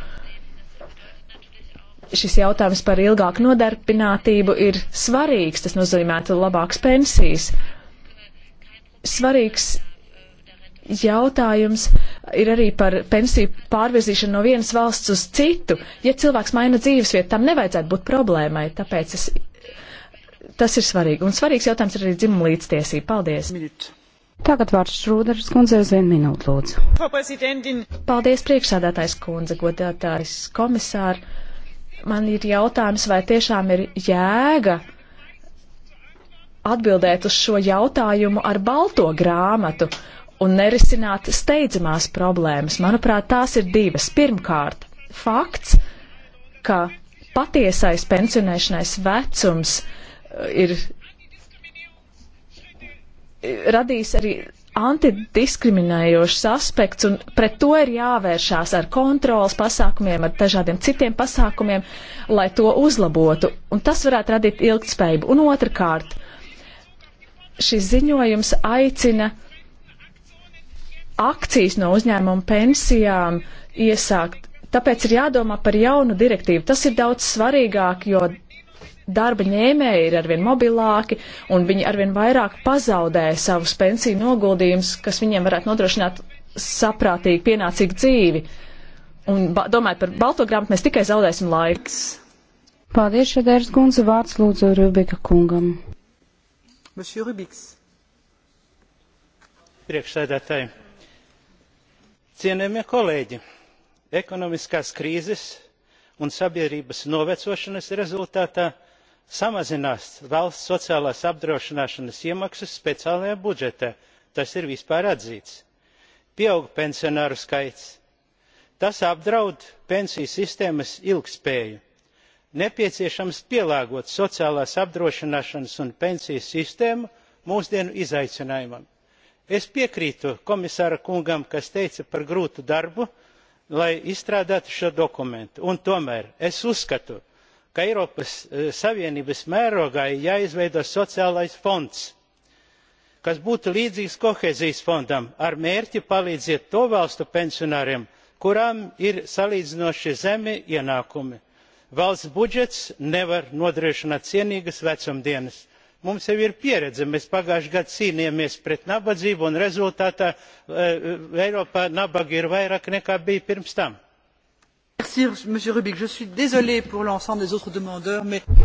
Šis jautājums par ilgāku nodarbinātību ir svarīgs, tas nozīmētu labākas pensijas. Svarīgs jautājums ir arī par pensiju pārvirzīšanu no vienas valsts uz citu. Ja cilvēks maina dzīvesvietu, tam nevajadzētu būt problēmai, tāpēc es, tas ir svarīgi. Un svarīgs jautājums ir arī dzimuma līdztiesība. Paldies! Minut. Tagad vārds Šrūderis kundze uz vienu minūtu lūdzu. Paldies priekšsādātājs kundze, godātājs komisāri. Man ir jautājums, vai tiešām ir jēga atbildēt uz šo jautājumu ar balto grāmatu. Uh, un nerisināt steidzamās problēmas. Manuprāt, tās ir divas. Pirmkārt, fakts, ka patiesais pensionēšanais vecums uh, ir uh, radījis arī antidiskriminējošs aspekts, un pret to ir jāvēršās ar kontrolas pasākumiem, ar dažādiem citiem pasākumiem, lai to uzlabotu. Un tas varētu radīt ilgtspējību. Un otrkārt, šis ziņojums aicina uh, akcijas no uzņēmuma pensijām iesākt. Tāpēc ir jādomā par jaunu direktīvu. Tas ir daudz svarīgāk, jo darba ņēmēji ir arvien mobilāki un viņi arvien vairāk pazaudē savus pensiju noguldījumus, kas viņiem varētu nodrošināt saprātīgu, pienācīgu dzīvi. Un domājot par balto grāmatu, mēs tikai zaudēsim laiku. Paldies, Šadērs Gunze, vārds lūdzu Rubika kungam. Monsieur Rubiks. Priekšsēdētāji cienījamie kolēģi ekonomiskās krīzes un sabiedrības novecošanas rezultātā samazinās valsts sociālās apdrošināšanas iemaksas speciālajā budžetā tas ir vispār atzīts pieaug pensionāru skaits tas apdraud pensiju sistēmas ilgtspēju nepieciešams pielāgot sociālās apdrošināšanas un pensiju sistēmu mūsdienu izaicinājumiem es piekrītu komisāra kungam kas teica par grūtu darbu lai izstrādātu šo dokumentu un tomēr es uzskatu ka eiropas eh, savienības mērogā ir jāizveido sociālais fonds kas būtu līdzīgs kohēzijas fondam ar mērķi palīdzēt to valstu pensionāriem kurām ir salīdzinoši zemi ienākumi. valsts budžets nevar nodrošināt cienīgas vecumdienas mums jau ir pieredze mēs pagājušajā gadā cīnījāmies pret nabadzību un rezultātā e, e, eiropā nabaga ir vairāk nekā bija pirms tam.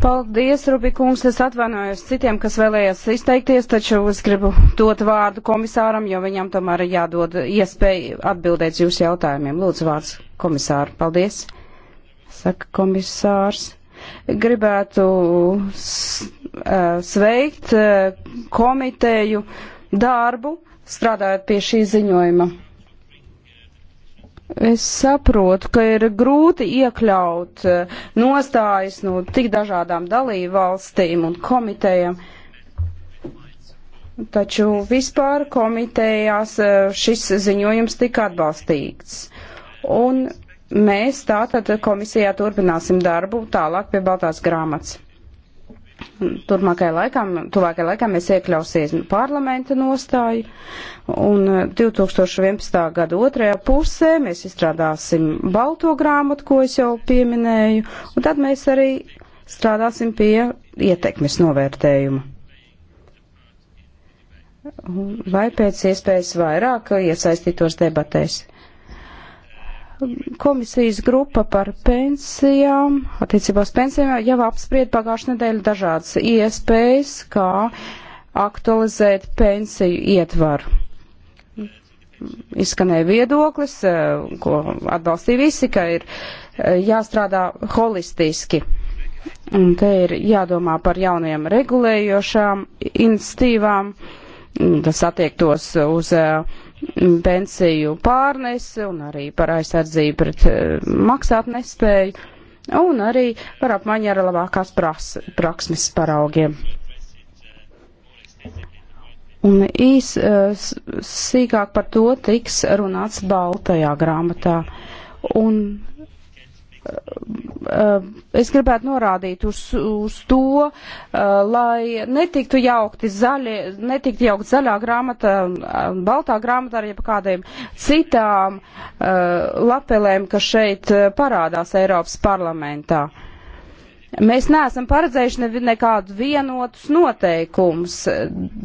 Paldies, Rubik kungs, es atvainojos citiem, kas vēlējās izteikties, taču es gribu dot vārdu komisāram, jo viņam tomēr ir jādod iespēja atbildēt jūsu jautājumiem. Lūdzu, vārds komisāru. Paldies, saka komisārs. Gribētu Eh, sveikt eh, komiteju darbu, strādājot pie šī ziņojuma. Es saprotu, ka ir grūti iekļaut eh, nostājas no tik dažādām dalību valstīm un komitejām. Taču vispār komitejās šis ziņojums tika atbalstīts. Un mēs tātad komisijā turpināsim darbu tālāk pie Baltās grāmatas turmākajā laikā, tuvākajā laikā mēs iekļausim parlamenta nostāju, un 2011. E, gada otrajā pusē mēs izstrādāsim balto grāmatu, ko es jau pieminēju, un tad mēs arī strādāsim pie ietekmes novērtējuma. Vai pēc iespējas vairāk iesaistītos debatēs? komisijas grupa par pensijām, attiecībās pensijām, jau apspried pagājušajā nedēļā dažādas iespējas, kā aktualizēt pensiju ietvaru. Izskanēja viedoklis, eh, ko atbalstīja visi, ka ir eh, jāstrādā holistiski. Un te ir jādomā par jaunajām regulējošām institīvām, kas attiektos uz uh, pensiju pārnesi un arī par aizsardzību pret eh, maksāt nespēju un arī par apmaiņu ar labākās pras, praksmes paraugiem. Un īs eh, sīkāk par to tiks runāts baltajā grāmatā. Un Eh, es gribētu norādīt uz, uz to, eh, lai netiktu jaukti zaļi, netiktu jaukt zaļā grāmata, eh, baltā grāmata ar kādiem citām lapelēm, kas šeit parādās Eiropas parlamentā. Uh, Mēs neesam paredzējuši nekādus vienotus noteikumus.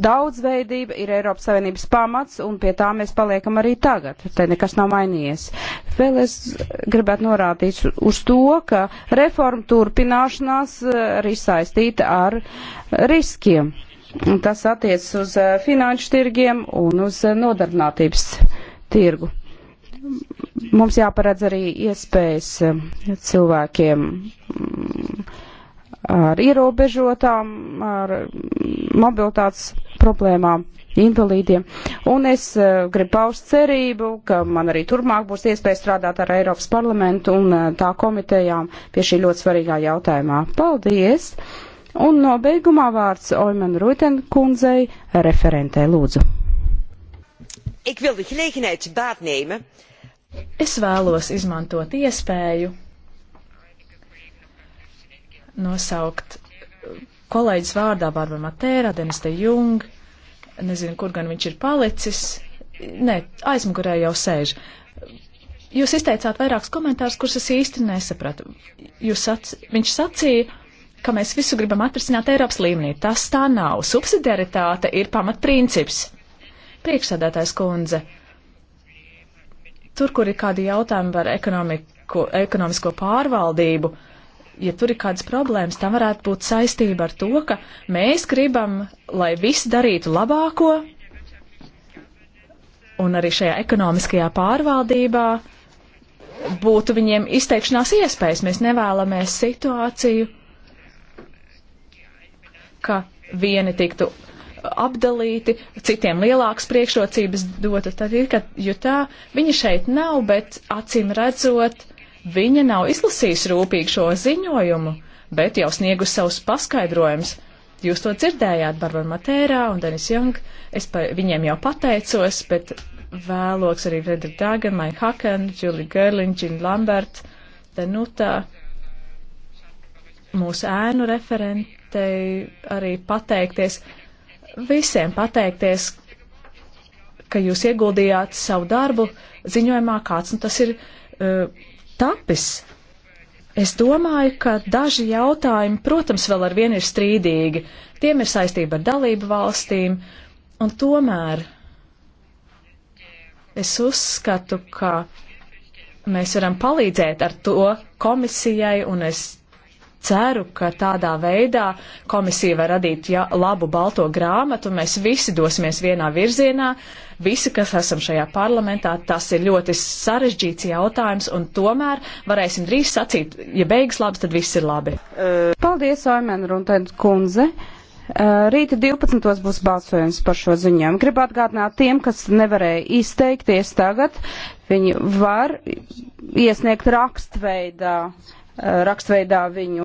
Daudzveidība ir Eiropas Savienības pamats, un pie tā mēs paliekam arī tagad. Te nekas nav mainījies. Vēl es gribētu norādīt uz to, ka reforma turpināšanās eh, arī saistīta ar riskiem. Tas attiecas uz eh, finanšu tirgiem un uz eh, nodarbinātības tirgu. Mums jāparedz arī iespējas eh, cilvēkiem mm, ar ierobežotām, ar mm, mobilitātes problēmām, invalīdiem. Un es uh, gribu paust cerību, ka man arī turpmāk būs iespēja strādāt ar Eiropas parlamentu un uh, tā komitejām pie šī ļoti svarīgā jautājumā. Paldies! Un nobeigumā vārds Oiman Ruiten kundzei referentē lūdzu. Ik wil de gelegenheid te baat nemen Es vēlos izmantot iespēju nosaukt kolēģis vārdā Barbara Matēra, Denis de Jung, nezinu, kur gan viņš ir palicis. Nē, aizmugurē jau sēž. Jūs izteicāt vairākus komentārus, kurus es īsti nesapratu. Jūs sac, viņš sacīja, ka mēs visu gribam atrisināt Eiropas līmenī. Tas tā nav. Subsidiaritāte ir pamatprincips. Priekšsēdētājs kundze. Tur, kur ir kādi jautājumi par ekonomisko pārvaldību, ja tur ir kādas problēmas, tam varētu būt saistība ar to, ka mēs gribam, lai visi darītu labāko, un arī šajā ekonomiskajā pārvaldībā būtu viņiem izteikšanās iespējas. Mēs nevēlamies situāciju, ka vieni tiktu apdalīti, citiem lielākas priekšrocības dota. Tad ir, ka jutā viņa šeit nav, bet acīm redzot, viņa nav izlasījusi rūpīgi šo ziņojumu, bet jau sniegus savus paskaidrojumus. Jūs to dzirdējāt, Barbara Matērā un Denis Jung, es par viņiem jau pateicos, bet vēlos arī Fredrik Dāgan, Mai Hakan, Julie Gerlin, Džin Lambert, Danuta, mūsu ēnu referentei arī pateikties visiem pateikties, ka jūs ieguldījāt savu darbu ziņojumā, kāds nu, tas ir uh, tapis. Es domāju, ka daži jautājumi, protams, vēl ar vienu ir strīdīgi. Tiem ir saistība ar dalību valstīm, un tomēr es uzskatu, ka mēs varam palīdzēt ar to komisijai, un es ceru, ka tādā veidā komisija var radīt ja, labu balto grāmatu, un mēs visi dosimies vienā virzienā. Visi, kas esam šajā parlamentā, tas ir ļoti sarežģīts jautājums, un tomēr varēsim drīz sacīt, ja beigas labs, tad viss ir labi. Paldies, Aimēn Runtēns kundze. Rīta 12. būs balsojums par šo ziņojumu. Gribu atgādināt tiem, kas nevarēja izteikties tagad, viņi var iesniegt rakstveidā, rakstveidā viņu.